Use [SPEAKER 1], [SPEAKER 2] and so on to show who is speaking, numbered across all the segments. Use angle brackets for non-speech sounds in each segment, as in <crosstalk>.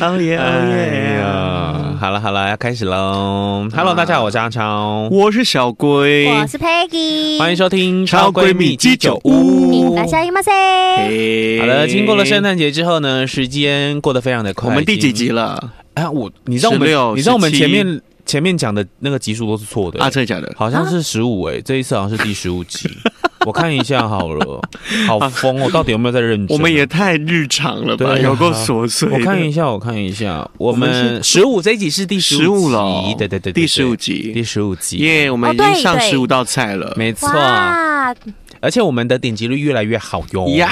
[SPEAKER 1] 哦耶哦耶好了好了，要開始嘍！Hello，大家好，我是阿超，我是小龜，我是 Peggy，歡迎收聽《超龜蜜姬酒
[SPEAKER 2] 屋》。大家好
[SPEAKER 1] 了，經過了聖誕節之後呢，時間過得非常的快。我們第幾集了？哎，我你知道我們你知道我們前面前面講的那個集數都是錯的啊！真的假的？好像是十五哎，這一次好像是第十五集。 <laughs> 我看一下好了，好瘋、哦！我、啊、到底有沒有在認真？我們也太日常了吧，對啊、有夠瑣碎。我看一下，我看一下，我們十五這一集是第十五集，哦、對，對，對對對，第十五集，第十五集，耶！我們已經上十五道菜了，哦、沒錯。而且我們的點擊率越來越好喲，呀！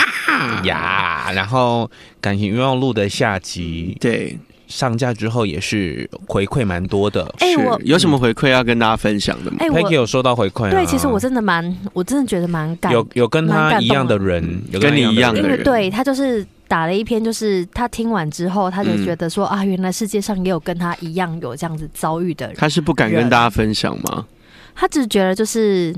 [SPEAKER 1] 呀，然後趕緊又要錄的下集，對。上架之後也是回饋蠻多的，哎、欸，我有什麼回饋要跟大家分享的嗎？哎、欸，珮姬有收到回饋、啊，對，其實我
[SPEAKER 2] 真的蠻，我真的覺得蠻感動有有跟他一樣的
[SPEAKER 1] 人的，有跟你一樣的人，對，
[SPEAKER 2] 他就是打了一篇，就是他聽完之後，他就覺得說、嗯、啊，原來世界上也有跟他一樣有這樣子遭遇的人。他
[SPEAKER 1] 是不敢跟大家分享嗎？
[SPEAKER 2] 他只是覺得就是，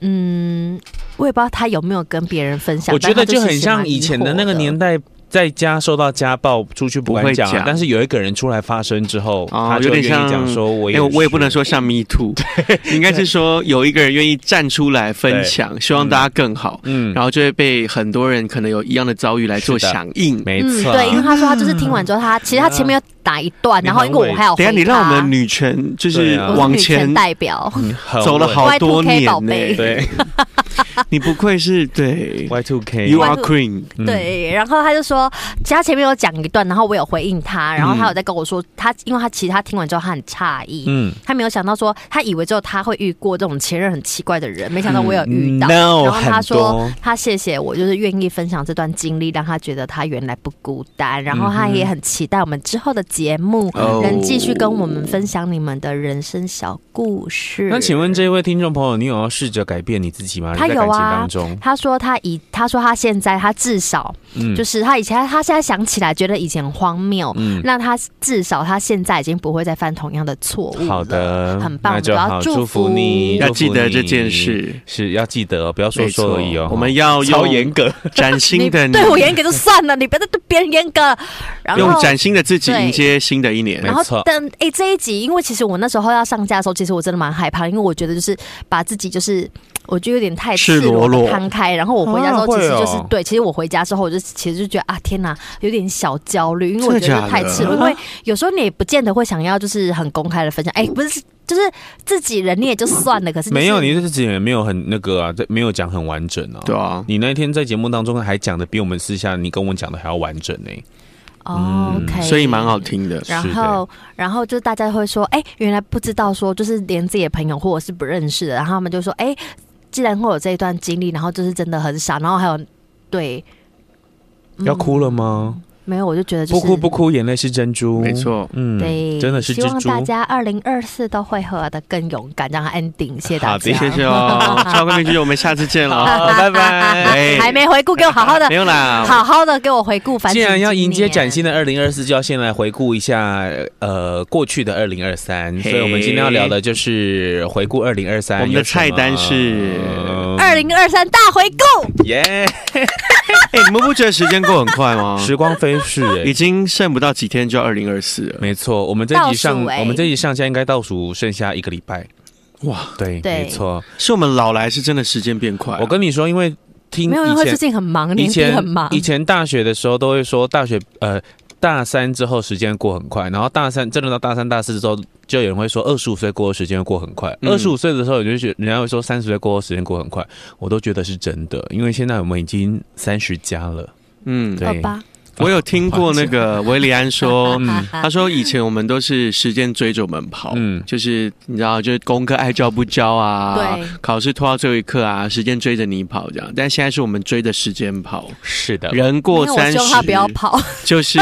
[SPEAKER 2] 嗯，我也不知道他有沒有跟別人分享。我覺得就很像以前的
[SPEAKER 1] 那個年代。在家受到家暴，出去不，不會講，但是有一個人出來發聲之後，哦、他就願意講說，我也、欸、我也不能說像 me too，對， <laughs> 應該是說有一個人願意站出來分享，希望大家更好，嗯，然後就會被很多人可能有一樣的遭遇來做響應，沒錯、嗯，對，因為
[SPEAKER 2] 他說他就是聽完之後他，他 <laughs> 其實他前面有。打一段，然後因為我還有回應，等下，你讓我們
[SPEAKER 1] 女權就是往前代表，啊嗯、走了好多年寶貝、欸。 <laughs> 對， <laughs> 你不愧是對 Y2K，You Are Queen，嗯。對，
[SPEAKER 2] 然後他就說，其實他前面有講一段，然後我有回應他，然後他有在跟我說，他因為他其實他聽完之後他很詫異，嗯，他沒有想到說他以為之後他會遇過這種前任很奇怪的人，嗯，沒想到我有遇到。嗯，然後他說 no，他謝謝我，就是願意分享這段經歷，讓他覺得他原來不孤單，然後他也很期待我們之後的。節目能繼續跟我們分享你們的人生小故事。哦、那請
[SPEAKER 1] 問這一位聽眾朋友，你有要試着改變你自己嗎？他有啊。他
[SPEAKER 2] 說他以他說他現在他至少、嗯、就是他以前他現在想起來覺得以前很荒謬。嗯。那他至少他現在已經不會再犯同樣的錯誤。好
[SPEAKER 1] 的，很棒，我要祝福，祝福你要記得這件事，是要記得，哦，不要說說而已哦。我們要要嚴格， <laughs> 嶄新的。對我嚴格就
[SPEAKER 2] 算了，你別再對別人嚴格。然後用嶄新的自己迎接。
[SPEAKER 1] 接新的一年，然後等
[SPEAKER 2] 哎、欸，這一集，因為其實我那時候要上架的時候，其實我真的蠻害怕，因為我覺得就是把自己就是，我就有點太赤裸赤裸攤開。然後我回家之後，其實就是、啊、對，其實我回家之後，我就其實就覺得啊，天哪、啊，有點小焦慮，因為我覺得太赤裸，因為有時候你也不見得會想要就是很公開的分享。哎、欸，不是，就是自己人，你也就算了。可是、就是、沒有，你
[SPEAKER 1] 是自己人，沒有很那個啊，沒有講很完整啊。對啊，你那天在節目當中還講的比我們私下你跟我講的還要完整呢、欸。
[SPEAKER 2] Oh, OK，所以蠻
[SPEAKER 1] 好聽的、嗯。然後，
[SPEAKER 2] 然後就大家會說：“哎、欸，原來不知道說，就是連自己的朋友或者是不認識的，然後他們就說：‘哎、欸，既然會有這一段經歷，然後就是真的很傻。’然後還有，對，嗯、要哭了嗎？”沒有，我就覺得、就是、不哭不
[SPEAKER 1] 哭，眼淚是珍珠，沒錯，嗯，對，真的是。希望大家
[SPEAKER 2] 二零二四都會活得更勇敢，讓它 ending。謝謝大家，謝謝 <laughs> 哦， <laughs> 超
[SPEAKER 1] 哥編劇， <laughs> 我們下次見了，好、 <laughs> 哦， <laughs> 拜拜。還
[SPEAKER 2] 沒回顧，給我好好的， <laughs> 沒有啦，好好的給我回顧。反正。既然要迎接
[SPEAKER 1] 嶄新的二零二四，就要先來回顧一下呃過去的二零二三。所以我們今天要聊的就是回顧二零二三。我們的菜單是
[SPEAKER 2] 二零二三大回顧，
[SPEAKER 1] 耶、yeah。哎 <laughs> <laughs> ，hey, 你們不覺得時間過很快嗎？ <laughs> 時光飛。是、欸，已經剩不到幾天，就二零二四了。沒錯，我們這集上，欸、我們這集上現在應該倒數，剩下一個禮拜。哇，對，對沒錯，是我們老來是真的時間變快、啊。我跟你說，因為聽，沒有因為最近很，很忙，以前很忙。以前大學的時候都會說，大學呃大三之後時間過很快，然後大三真的到大三大四之後，就有人會說二十五歲過後時間過很快。二十五歲的時候，有人是人家會說三十歲過後時間過很快。我都覺得是真的，因為現在我們已經三十加了，
[SPEAKER 2] 嗯，對。
[SPEAKER 1] 我有聽過那個韋禮安說、 <laughs> 嗯，他說以前我們都是時間追着我們跑，嗯，就是你知道，就是功課愛教不教啊，對，考試拖到最後一刻啊，時間追着你跑這樣。但現在是我們追着時間跑，是的，人過三十，他不要跑，就是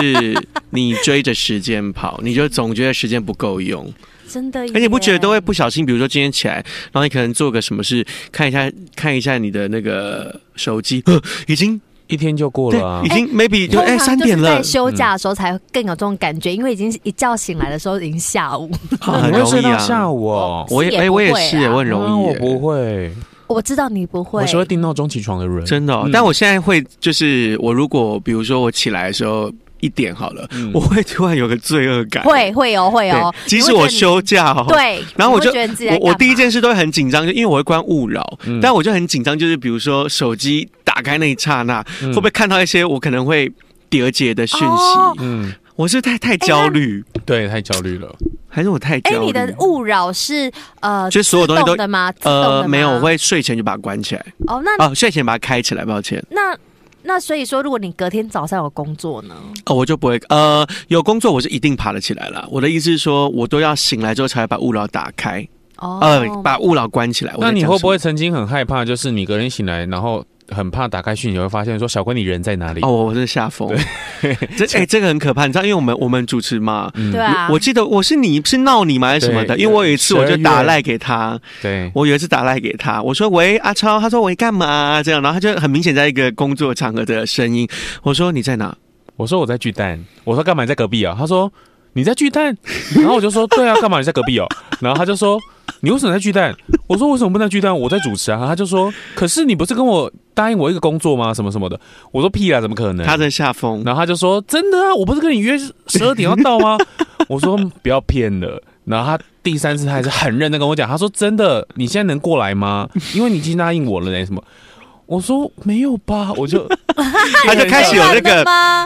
[SPEAKER 1] 你追着時間跑， <laughs> 你就總覺得時間不夠用，
[SPEAKER 2] 真的。而且你不覺得都
[SPEAKER 1] 會不小心？比如說今天起來，然後你可能做個什麼事，看一下看一下你的那個手機，已經。一天就過了啊，對已經 maybe、欸、就哎三點了。欸、在休假
[SPEAKER 2] 的時候才更有這種感覺、欸嗯，因為已經一覺醒來的時候已經下午，好、啊、很容易啊。下
[SPEAKER 1] 午，我、欸、也哎、啊欸、我也是，我很容易、嗯。我不會，
[SPEAKER 2] 我知道你不會。我是會
[SPEAKER 1] 定鬧鐘起床的人，真的、哦嗯。但我現在會，就是我如果比如說我起來的時候。一點好了、嗯，我會突然有個罪惡感。會
[SPEAKER 2] 會有會有，即使我休
[SPEAKER 1] 假哈，對，然後我就我，我第一件事都會很緊張，就因為我會關勿擾、嗯，但我就很緊張，就是比如說手機打開那一剎那、嗯，會不會看到一些我可能會得解的訊息？嗯，我是太太焦慮，對，太焦慮了、欸，還是我太焦慮？焦、欸、哎，你的
[SPEAKER 2] 勿擾是呃，就所有東西都呃，沒有，我
[SPEAKER 1] 會睡前就把它關起來。哦，那哦、啊，睡前把它開起來，抱歉。
[SPEAKER 2] 那。那所以說，如果你隔天早上有工作呢，
[SPEAKER 1] 哦，我就不會，呃，有工作我是一定爬得起來啦。我的意思是說，我都要醒來之後才會把勿擾打開，哦，呃、把勿擾關起來。那你會不會曾經很害怕，就是你隔天醒來然後？很怕打開訊息，你會發現說：“小龜，你人在哪裡？”哦、oh,，我是嚇瘋。對， <laughs> 這哎、欸，這個很可怕，你知道，因為我們我們主持嘛。嗯、對啊我。我記得我是你是鬧你嗎還是什麼的？因為我有一次我就打賴給他，對,對我有一次打賴給他，我說：“喂，阿超。”他說：“喂，幹嘛、啊？”這樣，然後他就很明顯在一個工作場合的聲音。我說：“你在哪？”我說：“我在巨蛋。”我說：“幹嘛在隔壁啊？”他說。你在巨蛋？然後我就說對啊，幹嘛你在隔壁哦、喔？然後他就說你為什麼在巨蛋？我說為什麼不在巨蛋？我在主持啊。然後他就說可是你不是跟我答應我一個工作嗎？什麼什麼的。我說屁啦，怎麼可能？他在下風。然後他就說真的啊，我不是跟你約十二點要到嗎？ <laughs> 我說不要騙了。然後他第三次他還是很認真跟我講，他說真的，你現在能過來嗎？因為你已經答應我了嘞、欸，什麼？我說沒有吧，我就， <laughs> 他就開始有那個，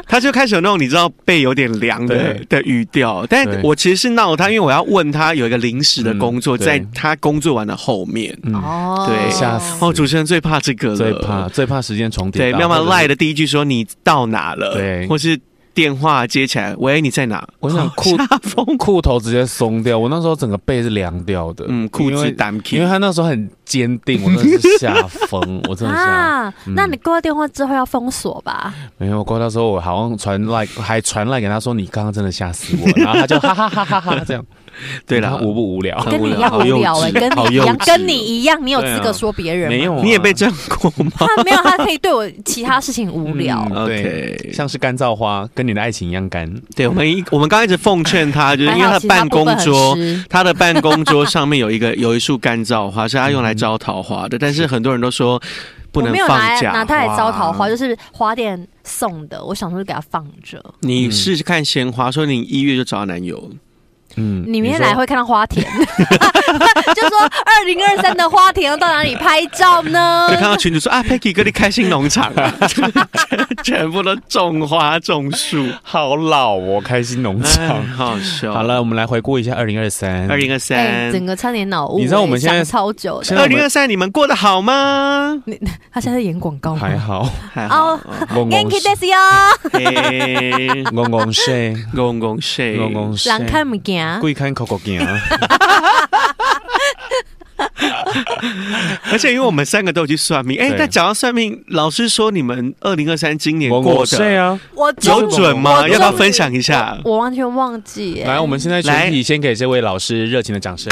[SPEAKER 1] 他就開始有那種你知道背有點涼的的語調，但我其實是鬧他，因為我要問他有一個臨時的工作，在他工作完的後面，嗯、
[SPEAKER 2] 哦，對，嚇
[SPEAKER 1] 死，哦，主持人最怕這個了，最怕最怕時間重疊，對，妙妙賴的第一句說你到哪了，對，或是。電話接起來，喂，你在哪？我想嚇瘋，褲頭直接鬆掉。我那時候整個背是涼掉的，嗯，褲子因為因為他那時候很堅定，我真的是嚇瘋， <laughs> 我真的嚇、啊
[SPEAKER 2] 嗯。那你掛電話之後要封鎖吧？沒有
[SPEAKER 1] 掛掉之後，我掛的時候我好像傳來、like, 還傳來、like、給他說，你剛剛真的嚇死我，然後他就哈哈哈哈哈哈這樣。 <laughs> 對了、嗯啊，無不無聊？跟你一樣無聊哎，欸，跟你一樣，跟
[SPEAKER 2] 你一樣， <laughs> 你有資格說別人沒有？
[SPEAKER 1] 你也被這樣過嗎？他沒有，他可以
[SPEAKER 2] 對我其他事情無聊。對、 <laughs> 嗯
[SPEAKER 1] ，okay, 像是乾燥花， <laughs> 跟你的愛情一樣乾。對、嗯，我們一，我們剛開始奉勸他，就是因為他的辦公桌他，他的辦公桌上面有一個，有一束乾燥花，是他用來招桃花的。 <laughs> 但是很多人都說不能放假拿，拿它來招桃花
[SPEAKER 2] 就是花店送的。我想說是給他放着。
[SPEAKER 1] 你試試看閒花，說你一月就找他男友。嗯
[SPEAKER 2] 嗯，你明天來會看到花田， <laughs> 就說二零二三的花田要到哪裡拍照呢？就看
[SPEAKER 1] 到群主說啊，Peggy 哥，你開心農場，啊！」全部都種花種樹，好老哦，開心農場，好好笑。好了，我們來回顧一下二零二三，二零二三，整個餐點老屋。你知道我們現在超久，二零二
[SPEAKER 2] 三你們過得好嗎？他現在演廣告，
[SPEAKER 1] 還好，還好。恭喜恭喜恭喜恭喜恭喜，人看不見。嗯，乾
[SPEAKER 2] 杯乾杯 <laughs> 故意
[SPEAKER 1] 看口口經啊！
[SPEAKER 2] 噗
[SPEAKER 1] 噗 <laughs> <laughs> <laughs> 而且因為我們三個都有去算命，哎、 <laughs> 欸，但講到算命，老師說你們二零二三今年過得對啊，有準嗎？要不要分享一下？
[SPEAKER 2] 我完全忘記、欸。來，我們現在全
[SPEAKER 1] 體先給這位老師熱情的掌聲。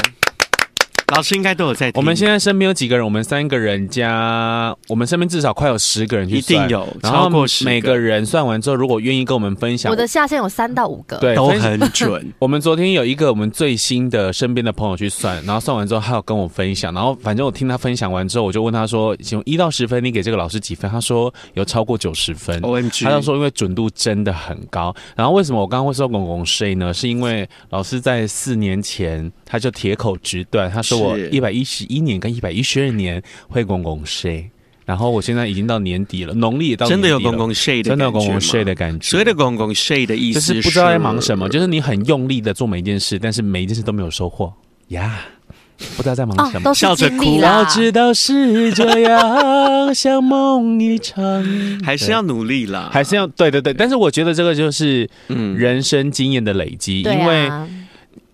[SPEAKER 1] 老師應該都有在聽。我們現在身邊有幾個人？我們三個人加，我們身邊至少快有十個人去算，一定有超過十個。然後每個人算完之後，如果願意跟我們分享，我的
[SPEAKER 2] 下線有三到五個，對，都很準。
[SPEAKER 1] 我們昨天有一個我們最新的身邊的朋友去算，然後算完之後，他有跟我分享。然後反正我聽他分享完之後，我就問他說：“請問一到十分，你給這個老師幾分？”他說有超過九十分。O M G！他就說，因為準度真的很高。然後為什麼我剛剛會說“拱拱睡”呢？是因為老師在四年前。他就鐵口直斷，他說我一百一十一年跟一百一十二年會公公睡，然後我現在已經到年底了，農曆也到年底了，真的有公公睡的感覺，真的有公公睡的感覺，所謂的公公睡的意思就是不知道在忙什麼，就是你很用力的做每一件事，但是每一件事都沒有收穫，呀、yeah, <laughs> 不知道在忙什麼，笑着哭，我知道是這樣，像 <laughs> 夢一場，還是要努力啦，還是要對對對，對，但是我覺得這個就是嗯人生經驗的累積，嗯、因為。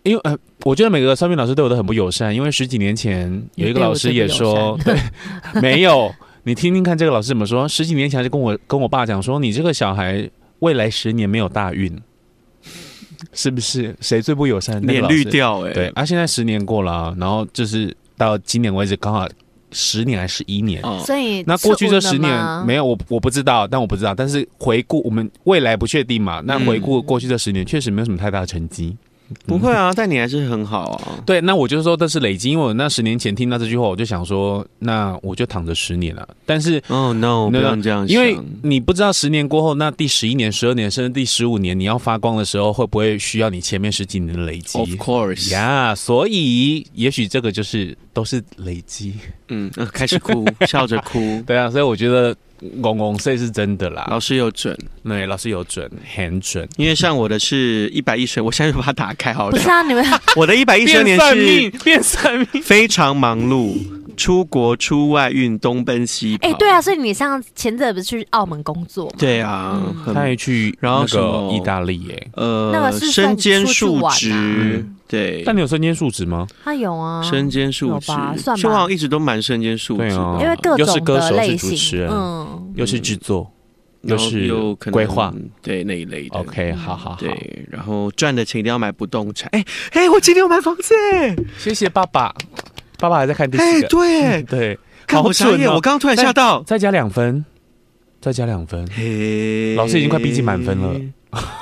[SPEAKER 1] 因為呃，我覺得每個算命老師對我都很不友善。因為十幾年前有一個老師也說，也對, <laughs> 對，沒有，你聽聽看這個老師怎麼說。十幾年前就跟我跟我爸講說，你這個小孩未來十年沒有大運， <laughs> 是不是？誰最不友善？那個、你也綠掉、欸、對，啊，現在十年過了，然後就是到今年為止，剛好十年還十一年，所、哦、以那過去這十年、哦、沒有我我不知道，但我不知道。但是回顧我們未來不確定嘛？那回顧過去這十年，嗯、確實沒有什麼太大的成績。不會啊，但你還是很好啊。嗯、對，那我就是說，都是累積。因為我那十年前聽到這句話，我就想說，那我就躺着十年了。但是，哦、oh，no，不能這樣想，因為你不知道十年過後，那第十一年、十二年，甚至第十五年，你要發光的時候，會不會需要你前面十幾年的累積？Of course，呀、yeah，所以也許這個就是都是累積。嗯，開始哭，笑着哭， <laughs> 對啊，所以我覺得。公公以是真的啦，老師有準，對，老師有準，很準。因為像我的是一百一歲，我現在就把它打開，好。了。不是啊，
[SPEAKER 2] 你們我的一百一十年是
[SPEAKER 1] 算命，非常忙碌，出國出外運，東奔西跑。哎、欸，對
[SPEAKER 2] 啊，所以你像前者不是去澳門工作嗎？
[SPEAKER 1] 對啊，他也去，然後什麼、那個意大利、欸，耶。呃，那個、是，是數、啊、身兼數職。嗯。對，但你有身兼數職嗎？
[SPEAKER 2] 他有啊，身兼數職，算嗎？我好像
[SPEAKER 1] 一直都蠻身兼數職啊，因為各種的類型，又是歌手或是主持人，嗯，嗯，又是製作，又是有規劃，對那一類的。OK，好好好。對，然後賺的錢一定要買不動產。哎、欸、哎，我今天要買房子哎，謝謝爸爸，爸爸還在看第四個，對、嗯、對，好準耶、哦！我剛剛突然嚇到，再加兩分，再加兩分，嘿、hey, 老師已經快逼近滿分了。Hey. <laughs>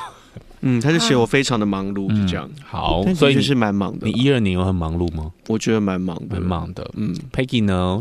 [SPEAKER 1] 嗯，他就寫我非常的忙碌，就、啊、這樣。嗯、好，所以是蠻忙的。你一二年有很忙碌嗎？我覺得蠻忙的，蠻忙的。嗯，Peggy 呢？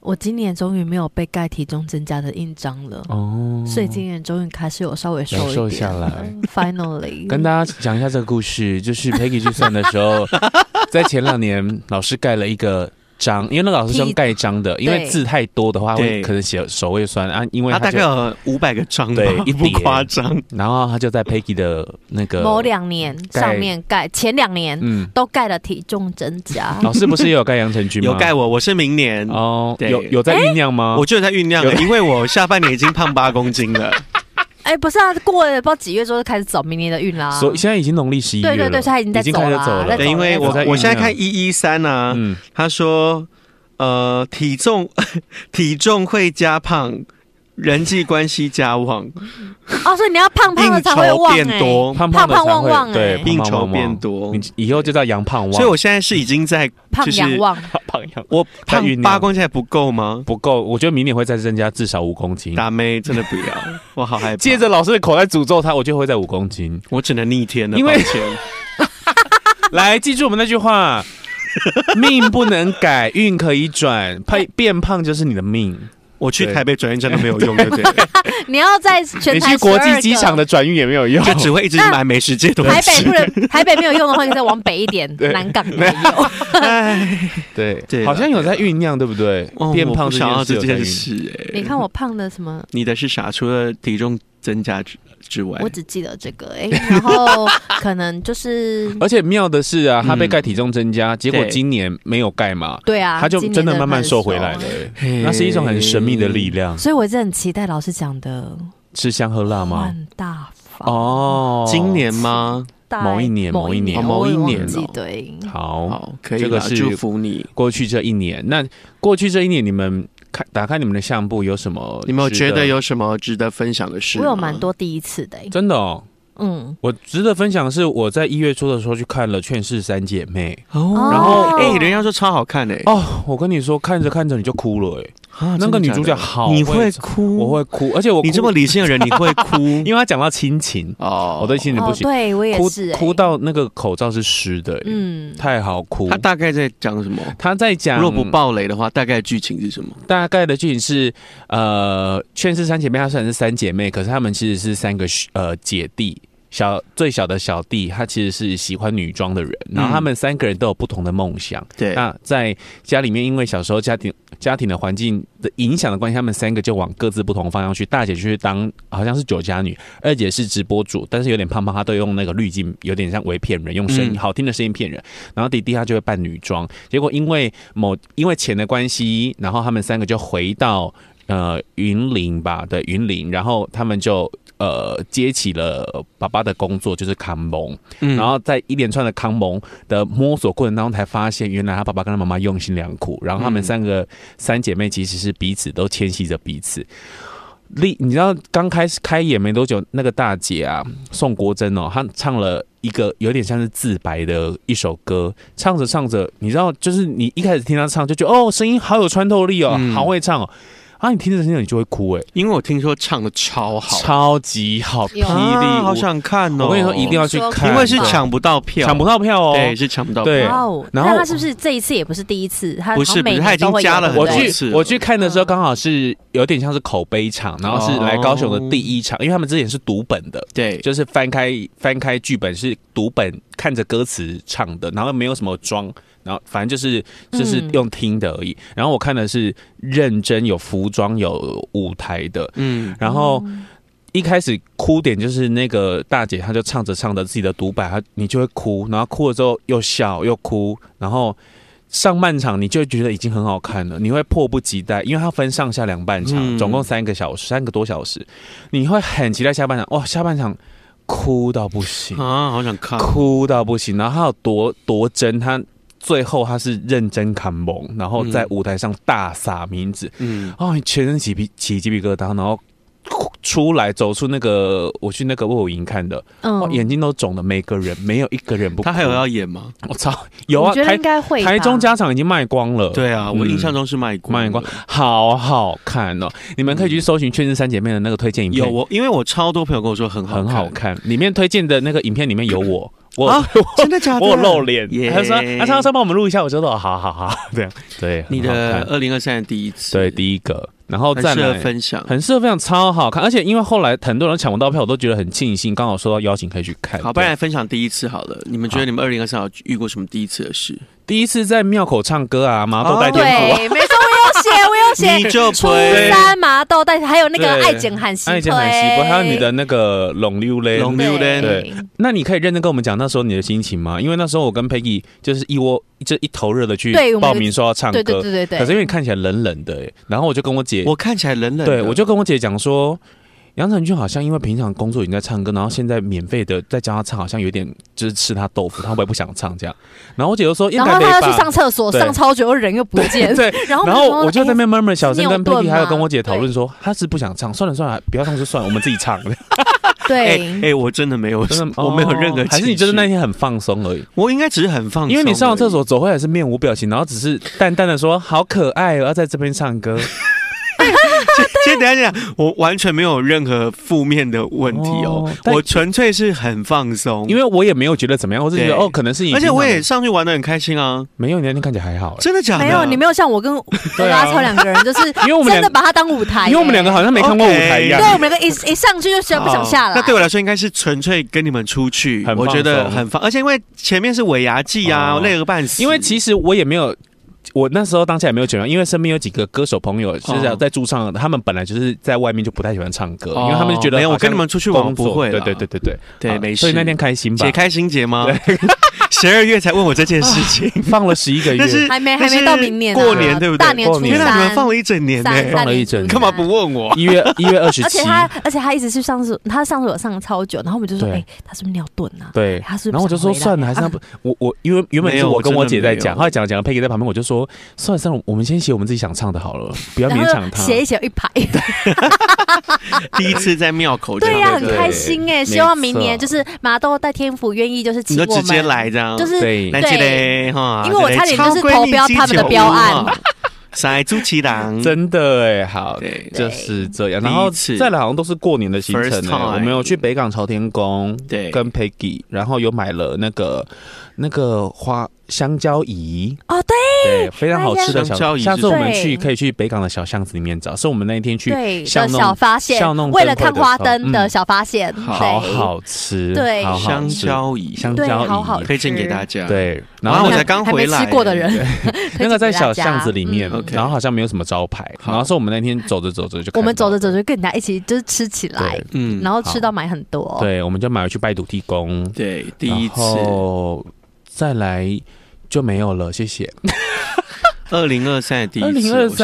[SPEAKER 2] 我今年終於沒有被蓋體重增加的印章了
[SPEAKER 1] 哦，所以今
[SPEAKER 2] 年終於開始有稍微瘦一點。嗯、Final l y 跟大
[SPEAKER 1] 家講一下這個故事，就是 Peggy 去算的時候， <laughs> 在前兩年老師蓋了一個。章，因為那個老師是要蓋章的，因為字太多的話，會可能寫手會酸啊。因為他，他大概有五百個章，對，也不誇張。然後他就在 Peggy 的那個某
[SPEAKER 2] 兩年上面蓋，前兩年嗯都蓋了體重增加。老 <laughs> 師、哦、不是也
[SPEAKER 1] 有蓋楊晨君嗎？有蓋我，我是明年哦，對，有有在醞釀嗎、欸？我就在醞釀，因為我下半年已經胖八公斤了。 <laughs>
[SPEAKER 2] 哎、欸，不是啊，過了不知道幾月之後就開始走，明年的運啦、啊。所以現
[SPEAKER 1] 在已經農曆十一月了，對對對，他已經在走了、啊。對，因為我在我現在看一一三啊、嗯，他說呃體重 <laughs> 體重會加胖。人際關係加旺，
[SPEAKER 2] 哦，所以你要胖胖的才會旺、欸、變多，胖胖的才會旺對應酬變多，
[SPEAKER 1] 你以後就叫羊胖旺。所以我現在是已經在胖、就是旺，胖羊旺，我胖八公斤還不夠嗎？不夠，我覺得明年會再增加至少五公斤。達咩真的不要， <laughs> 我好害怕。藉著老師的口來詛咒他，我就會在五公斤。我只能逆天了，因為 <laughs> <laughs> 來記住我們那句話， <laughs> 命不能改，運可以轉，胖變胖就是你的命。我去台北轉運真的沒有用，對不
[SPEAKER 2] 對？對對 <laughs> 你要在全台國際機場的
[SPEAKER 1] 轉運也沒有用，就只會一直買美食這些東西。台北不能，
[SPEAKER 2] <laughs> 台北沒有用的話，你再往北一點，南港沒
[SPEAKER 1] 有。唉對對，好像有在醞釀，對不對,對,對,對？變胖這件事,、哦想要這件事欸，你
[SPEAKER 2] 看我胖的什麼？
[SPEAKER 1] 你的是啥？除了體重增加值。我
[SPEAKER 2] 只記得這個哎、欸， <laughs> 然後可能就是，而
[SPEAKER 1] 且妙的是啊，他被蓋體重增加、嗯，結果今年沒有蓋嘛？對啊，他就真的慢慢瘦回來了、欸，啊、那是一種很神秘的力量。所
[SPEAKER 2] 以我一直很期待老師講的
[SPEAKER 1] 吃香喝辣嘛，很大方哦。今年嗎？某一年，某一年，某一年、哦，哦哦、對，好，好，可以，這個是祝福你過去這一年、嗯。那過去這一年你們。開，打開你們的相簿，有什麼？你們覺得有什麼值得分享的事？我有蠻
[SPEAKER 2] 多第一次的欸，真的哦。嗯，
[SPEAKER 1] 我值得分享的是，我在一月初的時候去看了《勸世三姐妹》，
[SPEAKER 2] 哦，然後哎，
[SPEAKER 1] 人家說超好看哎、欸，哦，我跟你說，看着看着你就哭了哎、欸，那個女主角好，你會哭，我會哭，而且我你這麼理性的人你會哭。 <laughs> 因為他講到親情哦， <laughs> 我對親情不行，哦、對我也是、欸、哭，哭到那個口罩是濕的、欸，嗯，太好哭。他大概在講什麼？他在講，若不暴雷的話，大概劇情是什麼？大概的劇情是，呃，《勸世三姐妹》她雖然是三姐妹，可是她們其實是三個呃姐弟。小最小的小弟，他其實是喜歡女裝的人。然後他們三個人都有不同的夢想。對，那在家裡面，因為小時候家庭家庭的環境的影響的關係，他們三個就往各自不同的方向去。大姐去當好像是酒家女，二姐是直播主，但是有點胖胖，她都用那個濾鏡，有點像為騙人，用聲音好聽的聲音騙人。然後弟弟他就會扮女裝，結果因為某因為錢的關係，然後他們三個就回到呃雲林吧，對，雲林，然後他們就。呃，接起了爸爸的工作，就是康蒙、嗯，然後在一連串的康蒙的摸索過程當中，才發現原來他爸爸跟他媽媽用心良苦，然後他們三個、嗯、三姐妹其實是彼此都牽繫着彼此。你你知道，剛開始開演沒多久，那個大姐啊，宋國珍哦，她唱了一個有點像是自白的一首歌，唱着唱着，你知道，就是你一開始聽她唱就覺得哦，聲音好有穿透力哦，嗯、好會唱哦。啊！你聽着聽着，你就會哭誒、欸、因為我聽說唱得超好，超級好霹，霹、啊、靂！好想看哦！我跟你說，一定要去看，因為是搶不到票，搶不到票哦，對，是搶不到票。Oh, 然後他是不是
[SPEAKER 2] 這一次也不是第一次？他不是，不是，他已經加了，很多次了。我
[SPEAKER 1] 去，我去看的時候，剛好是有點像是口碑場，然後是來高雄的第一場，oh. 因為他們之前是讀本的，對，就是翻開翻開劇本是讀本，看着歌詞唱的，然後沒有什麼裝。然後反正就是就是用聽的而已、嗯。然後我看的是認真有服裝有舞台的。嗯。然後一開始哭點就是那個大姐，她就唱着唱着自己的獨白，她你就會哭。然後哭了之後又笑又哭。然後上半場你就覺得已經很好看了，你會迫不及待，因為它分上下兩半場，總共三個小時三個多小時，你會很期待下半場。哇，下半場哭到不行啊！好想看。哭到不行，然後還有多多真她。最後他是認真看蒙，然後在舞台上大撒名字，嗯，啊、哦，全身起皮起雞皮疙瘩，然後出來走出那個我去那個臥虎營看的，嗯、哦，眼睛都腫了，每個人沒有一個人不哭。他還有要演嗎？我、哦、操，有啊，我覺得應該會台，台中加場已經賣光了。對啊、嗯，我印象中是賣光賣光，好好看哦，你們可以去搜尋《勸世三姐妹》的那個推薦影片，有我，因為我超多朋友跟我說很好很好看，裡面推薦的那個影片裡面有我。 <laughs> 我、啊、真的假的？我，我露臉、yeah，還他說，阿超說幫我們錄一下，我說都好好好，這樣對，你的二零二三年第一次，對第一個，然後再來很適合分享，很適合分享，超好看，而且因為後來很多人搶不到票，我都覺得很慶幸，剛好收到邀請可以去看。好，不然分享第一次好了，你們覺得你們二零二三有遇過什麼第一次的事？第一次在廟口唱歌啊，麻豆代天府、哦，沒
[SPEAKER 2] 錯，我要寫我。 <laughs> 你就吹，麻豆，但是還有那個愛簡漢西，愛簡漢西，不，還有你的
[SPEAKER 1] 那個龍溜嘞，龍溜嘞。對，那你可以認真跟我們講那時候你的心情嗎？因為那時候我跟珮姬就是一窩，就一頭熱的去報名說要唱歌，對對，對對對對。可是因為你看起來冷冷的、欸，然後我就跟我姐，我看起來冷冷的，對，我就跟我姐講說。楊丞君好像因為平常工作已經在唱歌，然後現在免費的在教他唱，好像有點就是吃他豆腐，他也不，不想唱這樣。然後我姐就說，然後他要去上廁所，上超
[SPEAKER 2] 久，人又不見。對，對然後我就、欸、我就在那邊
[SPEAKER 1] 默默小聲跟珮姬還有跟我姐討論說，他是不想唱，算了算了，不要唱就算了，我們自己唱。
[SPEAKER 2] <laughs> 對，哎、欸欸，
[SPEAKER 1] 我真的沒有，真的、哦、我沒有任何，還是你覺得那天很放鬆而已？我應該只是很放鬆，因為你上廁所走回來是面無表情，然後只是淡淡的說，好可愛、哦，我要在這邊唱歌。 <laughs> 啊、其實等一,等一下我完全沒有任何負面的問題、喔、哦，我純粹是很放鬆，因為我也沒有覺得怎麼樣，我就覺得哦、喔，可能是而且我也上去玩得很開心啊，沒有，你那天看起來還好、欸，真的假的？沒有，你沒
[SPEAKER 2] 有像我跟跟阿超兩個人，就是因為我們真的把他當舞台、欸，因為我們兩個,個好像沒看過舞台一樣，對，我們兩個一一上去就想不想下來、哦？那
[SPEAKER 1] 對我來說應該是純粹跟你們出去，我覺得很放，而且因為前面是尾牙祭啊、哦，累個半死，因為其實我也沒有。我那時候當下也沒有覺得，因為身邊有幾個歌手朋友，就是在駐唱，哦、他們本來就是在外面就不太喜歡唱歌。哦、因為他們就覺得，哎，我跟你們出去玩不會，對對對對對對、啊，沒事，所以那天開心吧，解開心結嗎？十二 <laughs> 月才問我這件事情，啊、放了十一個月，還
[SPEAKER 2] 沒還沒到明年過年對不對？大年初三過年你們放了
[SPEAKER 1] 一整年呢、欸，放了一整年，幹嘛不問我？一月一月二十七， <laughs> 而且他
[SPEAKER 2] 而且他一直是上廁所，他上廁所我上超久，然後我們就說，哎、欸，他是不是尿遁
[SPEAKER 1] 啊，對，他是，不是不，然後我就說算了，啊、還是不，我我因為原本是我跟我姐在講，後來講講，珮姬在旁邊，我就說。算了，我們先寫我們自己想唱的好了，不要勉強他寫 <laughs> 一
[SPEAKER 2] 寫寫一排 <laughs> 。
[SPEAKER 1] <laughs> 第一次在廟口就好了對呀、啊，很開心哎、欸！希望明年就是
[SPEAKER 2] 麻豆代天府願意就是請我們你就直接來
[SPEAKER 1] 這樣，就是對，對那、這個、哈。因為我差點就是投標他們的標案，超龜蜜姬酒屋真的哎、欸，好對，就是這樣。然後再來好像都是過年的行程、欸，我們有去北港朝天宮，對，跟 Peggy，然後有買了那個那個花香蕉椅哦，對。對，非常好吃的小香蕉椅，下次我們去可以去北港的小巷子裡面找，是我們那一天去笑弄的小發現，為了看花燈的
[SPEAKER 2] 小發現、嗯。好好
[SPEAKER 1] 吃，對，好好吃對，香蕉椅，好好香蕉椅推薦給大家。對，然後我才剛回來，還沒吃過的人，那個 <laughs> 在小巷子裡面、嗯，然後好像沒有什麼招牌。然後是我們那天走着走着就，我們
[SPEAKER 2] 走着走着跟人家一起就是吃起來，
[SPEAKER 1] 嗯，然後吃到
[SPEAKER 2] 買很多，
[SPEAKER 1] 對，我們就買回去拜土地公，對，第一次然後再來。就沒有了，謝謝。二零二三第一次，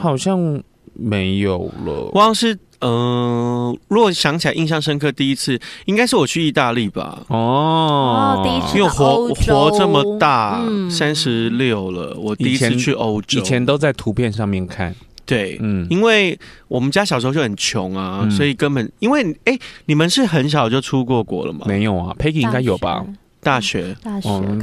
[SPEAKER 1] 好像沒有了。光是嗯，如、呃、果想起來印象深刻，第一次應該是我去意大利吧？哦，第一次，因為活我活這麼大，三十六了，我第一次去歐洲以，以前都在圖片上面看。對，嗯，因為我們家小時候就很窮啊、嗯，所以根本因為哎、欸，你們是很小就出過國了嗎？沒有啊，Peggy 應該有吧？大學，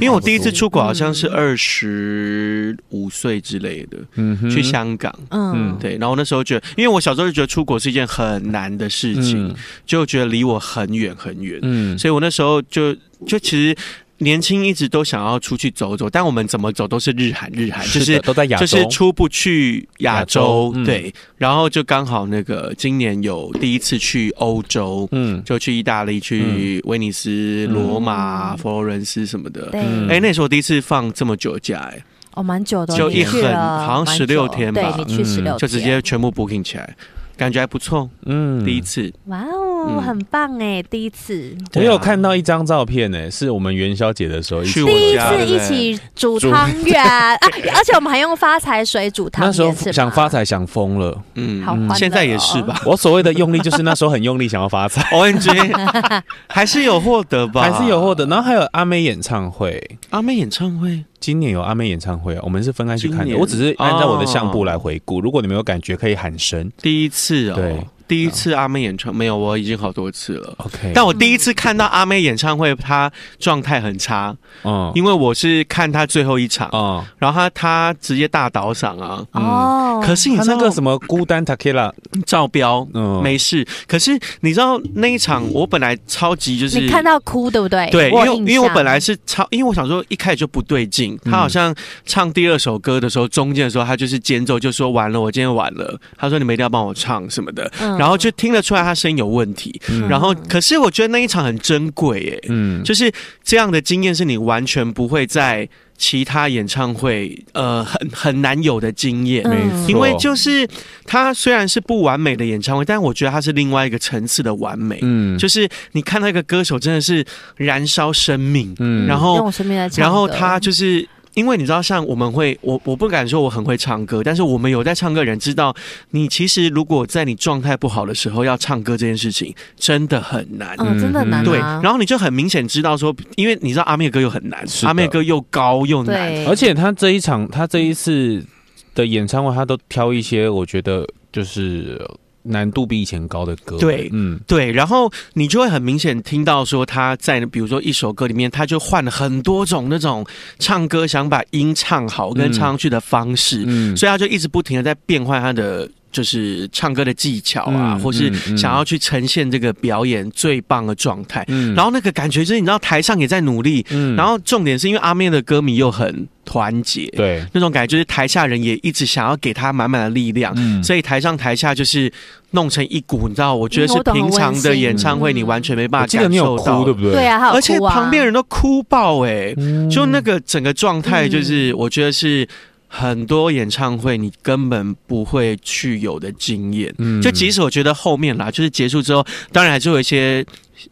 [SPEAKER 1] 因為我第一次出國好像是二十五歲之類的，嗯，去香港，嗯，對，然後那時候覺得，因為我小時候就覺得出國是一件很難的事情，嗯，就覺得離我很遠很遠，嗯，所以我那時候就就其實。年輕一直都想要出去走走，但我們怎麼走都是日韓日韓，就是都在亞洲，就是出不去亞洲，洲。對，嗯、然後就剛好那個今年有第一次去歐洲，嗯，就去意大利，去威尼斯、羅、嗯、馬、嗯、佛羅倫斯什麼的。嗯、對，哎、欸，那時候第一次放這麼久假，哦，
[SPEAKER 2] 蠻久的，就一很，好像十六天吧天、嗯，就直接全部就直接
[SPEAKER 1] 全部 booking 起來，感覺還不錯，嗯，第一次
[SPEAKER 2] 哇。哦，很棒哎、欸，第一次，啊、我
[SPEAKER 1] 有看到一張照片呢、欸，是我們元宵節的時候去家第一次一起
[SPEAKER 2] 煮湯圓啊，而且我們還用發財水煮湯圓，
[SPEAKER 1] 那時候想發財想瘋了，嗯，好，現在也是吧。我所謂的用力就是那時候很用力想要發財。O M G，
[SPEAKER 2] 還
[SPEAKER 1] 是有獲得吧，還是有獲得。然後還有阿妹演唱會，阿妹演唱會，今年有阿妹演唱會，我們是分開去看的，我只是按照我的相簿來回顧，哦。如果你沒有感覺，可以喊聲。第一次哦。第一次阿妹演唱？沒有，我已經好多次了。OK，但我第一次看到阿妹演唱會，她狀態很差。哦、嗯，因為我是看她最後一場嗯。然後她她直接大倒嗓啊。哦、嗯，
[SPEAKER 2] 可是你唱
[SPEAKER 1] 個什麼孤單 Tequila 照標，嗯，沒事。可是你知道那一場，我本來超級就是你看
[SPEAKER 2] 到哭對不對？對，因為因為我本來
[SPEAKER 1] 是超，因為我想說一開始就不對勁，他、嗯、好像唱第二首歌的時候，中間的時候他就是間奏就說完了，我今天完了。他說你們一定要幫我唱什麼的，嗯。然後就聽得出來他聲音有問題，嗯、然後可是我覺得那一場很珍貴耶，嗯，就是這樣的經驗是你完全不會在其他演唱會，呃，很很難有的經驗，沒、嗯、錯，因為就是他雖然是不完美的演唱會，但我覺得他是另外一個層次的完美，嗯，就是你看那個歌手真的是燃燒生命，嗯，然後用生命來然後他就是。因為你知道，像我們會，我我不敢說我很會唱歌，但是我們有在唱歌人知道，你其實如果在你狀態不好的時候要唱歌這件事情真的很難，哦，真的難，對、嗯。然後你就很明顯知道說，因為你知道阿妹歌又很難，阿妹歌又高又難，而且他這一場他這一次的演唱會，他都挑一些我覺得就是。難度比以前高的歌，對，嗯，對，然後你就會很明顯聽到說他在，比如說一首歌裡面，他就換了很多種那種唱歌想把音唱好跟唱上去的方式，嗯，嗯，所以他就一直不停的在變換他的。就是唱歌的技巧啊、嗯嗯嗯，或是想要去呈現這個表演最棒的狀態、嗯。然後那個感覺就是，你知道，台上也在努力、嗯。然後重點是因為阿妹的歌迷又很團結，對那種感覺就是台下人也一直想要給他滿滿的力量、嗯。所以台上台下就是弄成一股，你知道，我覺得是平常的演唱會你完全沒辦法感受到，我記得你有哭，對不對？對啊，啊而且旁邊人都哭爆哎、欸嗯，就那個整個狀態就是，我覺得是。很多演唱會你根本不會去有的經驗，嗯，就即使我覺得後面啦，就是結束之後，當然還是有一些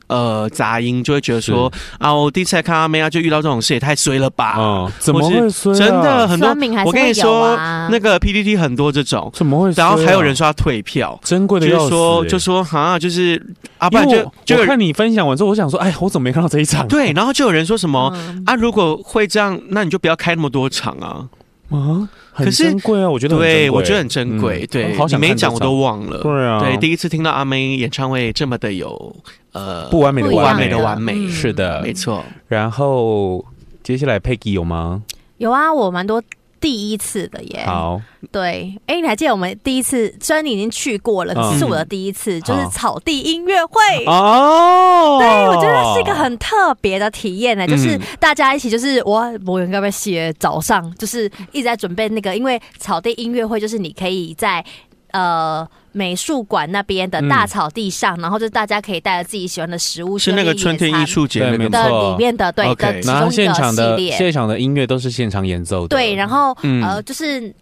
[SPEAKER 1] 呃雜音，就會覺得說啊，我第一次來看阿妹啊，就遇到這種事也太衰了吧？哦、怎麼會衰、啊、真的很多、啊，我跟你說，那個 PTT 很多這種，怎麼會衰、啊？然後還有人說要退票，珍貴的要死、欸就是，就說就說好像就是啊，不然就就看你分享完之後，我想說，哎，我怎麼沒看到這一場？對，然後就有人說什麼、嗯、啊？如果會這樣，那你就不要開那麼多場啊。啊，很珍貴啊！我覺得，對我覺得很珍貴。對、嗯對嗯、你沒講，我都忘了、嗯對。對啊，對，第一次聽到阿妹演唱會這麼的有呃，不完美的、不完美的完美的完美的完美的、嗯，是的，嗯、沒錯。然後接下來，珮姬有嗎？
[SPEAKER 2] 有啊，我蠻多。第一次的耶，好，對，哎、欸，你還記得我們第一次？雖然你已經去過了，可是，是我的第一次、哦、就是草地音樂會哦。對，我覺得是一個很特別的體驗呢、嗯，就是大家一起，就是我我應該不寫早上，就是一直在準備那個，因為草地音樂會就是你可以在呃。美術館那邊的大草地上，嗯，然後就是大家可以帶着自己喜歡的食物，是那個春天藝
[SPEAKER 1] 術節的野餐沒錯的，裡面的，對、okay. 的其中一個系列。然後現場的現場的音樂都是現場演奏的。對，
[SPEAKER 2] 然後、嗯、呃就是。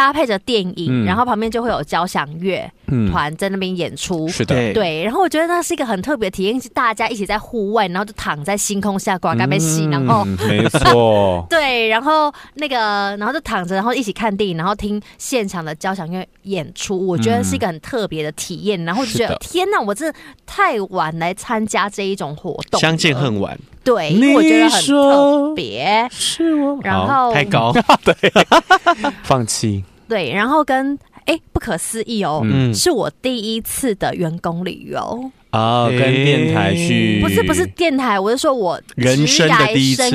[SPEAKER 2] 搭配着電影、嗯，然後旁邊就會有交響樂團在那邊演出、嗯。是的，對。然後我覺得那是一個很特別的體驗，是大家一起在戶外，然後就躺在星空下，掛乾杯然後、嗯、沒錯， <laughs> 對。然後那個，然後就躺着，然後一起看電影，然後聽現場的交響樂演出，我覺得是一個很特別的體驗。然後我覺得、嗯、天哪，我真的太晚來參加這一種活動，相見
[SPEAKER 1] 恨晚。對，你對我覺得
[SPEAKER 2] 很特別。是我，然後太高， <laughs> 對了，
[SPEAKER 1] <laughs> 放棄。
[SPEAKER 2] 對，然後跟哎，不可思議哦、嗯，是我第一次的員工旅遊
[SPEAKER 1] 啊、哦，跟電台去，不是不是
[SPEAKER 2] 電台，我是說我來人生的第一次，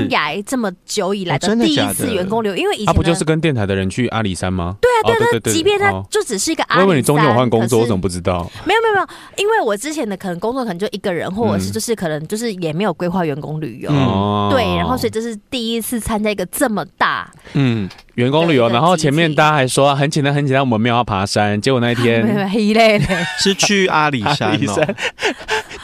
[SPEAKER 2] 這麼久以來的第一次員工旅遊，因為以前、啊、不就是
[SPEAKER 1] 跟電台的人去阿里山嗎？對啊，哦對，啊哦、對對，對即便他就只
[SPEAKER 2] 是一個阿里山，問問我以為你中間有換工作，我怎麼不知道？沒有沒有沒有，因為我之前的可能工作可能就一個人，或者是就是可能就是也沒有規劃員工旅遊，嗯、對，然後所以這是第一次參加一個這麼大，
[SPEAKER 1] 嗯。員工旅遊，然後前面大家還說很簡單很簡單，我們沒有要爬山，結果那一天是去阿里山哦，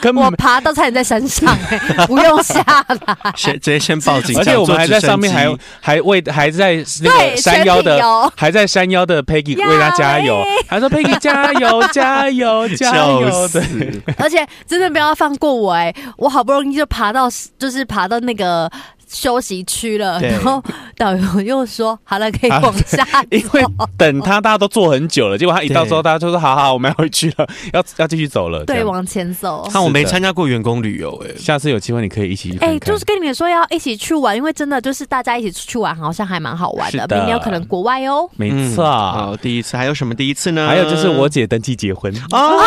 [SPEAKER 2] <laughs> 山我爬到差點在山上、欸， <laughs> 不用下來，
[SPEAKER 1] 先直接先報警，而且我們還在上面還，還還為還在那個山腰的還在山腰的 Peggy 為他加油，yeah. 還說 Peggy 加油 <laughs> 加油加油、就是
[SPEAKER 2] 對，而且真的不要放過我哎、欸，我好不容易就爬到就是爬到那個。休息區了，然後導遊又說：“好了，可以往
[SPEAKER 1] 下走。因為等他大家都坐很久了，結果他一到時候大家就說：“好好，我們要回去了，要要繼續走了。”對，
[SPEAKER 2] 往前走。看，我沒參
[SPEAKER 1] 加過員工旅遊哎、欸，下次有機會你可以一起去看看。哎、欸，就是跟
[SPEAKER 2] 你們說要一起去玩，因為真的就是大家一起出去玩，好像還蠻好玩的。的明年有可能國外哦、嗯，
[SPEAKER 1] 沒錯，好，第一次還有什麼第一次呢？還有就是我姐登記結婚哦，哦，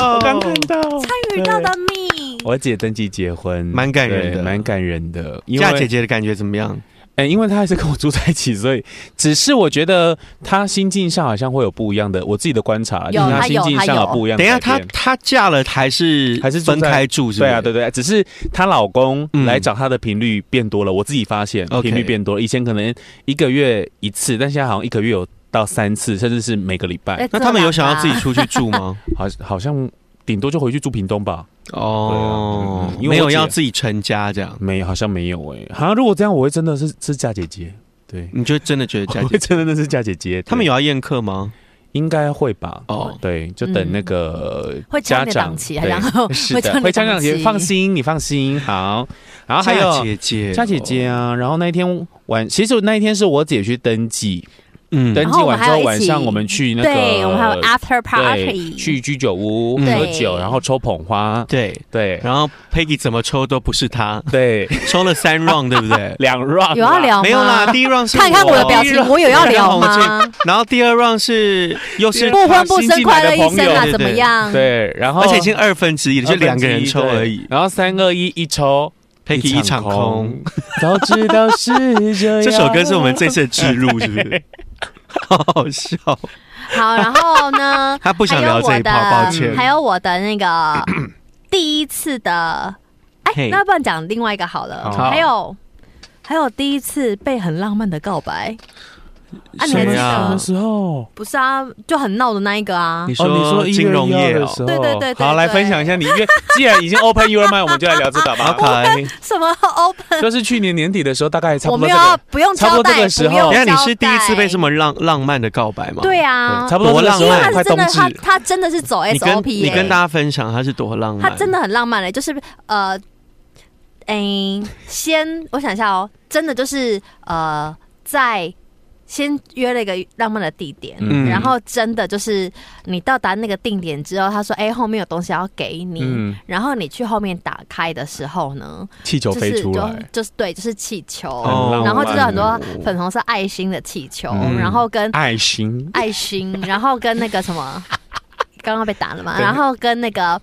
[SPEAKER 1] 哦，我
[SPEAKER 2] 剛看到參與到的你。
[SPEAKER 1] 我姐登記結婚，蠻感人的，蠻感人的，因為。嫁姐姐的感覺怎麼樣？哎、欸，因為她還是跟我住在一起，所以只是我覺得她心境上好像會有不一樣的。我自己的觀察，是她心境上不一樣是不是？等一下，她她嫁了還是還是分開住是吧？對啊，對，對對，只是她老公來找她的頻率變多了、嗯，我自己發現頻率變多了，okay. 以前可能一個月一次，但現在好像一個月有到三次，甚至是每個禮拜。那他們有想要自己出去住嗎？ <laughs> 好，好像。頂多就回去住屏東吧。哦、oh, 啊嗯，沒有要自己成家這樣，沒好像沒有哎、欸。好像如果這樣，我會真的是是嫁姐姐。對，你就真的覺得嫁姐姐，我會真的是嫁姐姐。他們有要宴客嗎？應該會吧。哦、oh.，對，就等那個會家長、嗯會啊、然後是的，會家長來，放心，你放心好。然後還有嫁姐姐、哦，嫁姐姐啊。然後那一天晚，其實那一天是我姐去登記。嗯，登記完之後晚上我們去那個，對，我們還有
[SPEAKER 2] after party，
[SPEAKER 1] 去居酒屋喝酒、嗯，然後抽捧花，對對，然後 Peggy 怎麼抽都不是他，對，抽了三 round， <laughs> 對不對？ <laughs> 兩 round 有要聊嗎？沒有啦，第一 round 是我， <laughs> 看看我的表情， <laughs> 我有要聊嗎？然後，然後第二 round 是 <laughs> 又是不婚不生快樂一生啊，怎麼樣？對，然後而且已經二分之一了，1, 就兩個人抽而已，然後三二一一抽、嗯、，Peggy 一場，一場空，早知道是這樣， <laughs> <laughs> 這首歌是我們這次的置入，是不是？笑 <laughs> <laughs> 好
[SPEAKER 2] 好笑，好，然後呢？ <laughs> 他不想聊這一波，還有我的， <laughs> 抱歉，還有我的那個 <coughs> 第一次的，哎，Hey. 那不然講另外一個好了。Oh. 還有，還有第一次被很浪漫的告白。啊、你什麼
[SPEAKER 1] 時、啊、候？
[SPEAKER 2] 不是啊，就很鬧的那一個啊、哦哦。你說金融業，業的時候，對對對，對對對，
[SPEAKER 1] 好，來分享一下你，你 <laughs> 因為既然已經 open your mind，我們就來聊這個好不好？
[SPEAKER 2] 什麼 open？就是
[SPEAKER 1] 去年年底的時候，大概差不多差、這個啊、不用交代，不時候。不交代。你你是第一次被這麼浪浪漫的告白嗎？對
[SPEAKER 2] 啊，對差不多。浪漫！他是真的，他他真的是走 S O P、欸、你，你跟大家
[SPEAKER 1] 分享他是多浪漫。他真
[SPEAKER 2] 的很浪漫嘞、欸，就是呃，嗯、欸、先我想一下哦，真的就是呃，在。先約了一個浪漫的地點，嗯、然後真的就是你到達那個定點之後，他說：“哎、欸，後面有東西要給你。嗯”然後你去後面打開的時候呢，氣球飛出來就是就、就是、對，就是氣球、哦，然後就是很多粉紅色愛心的氣球、嗯，然後跟愛心，愛心，然後跟那個什麼剛剛 <laughs> 被打了嘛，然後跟那個。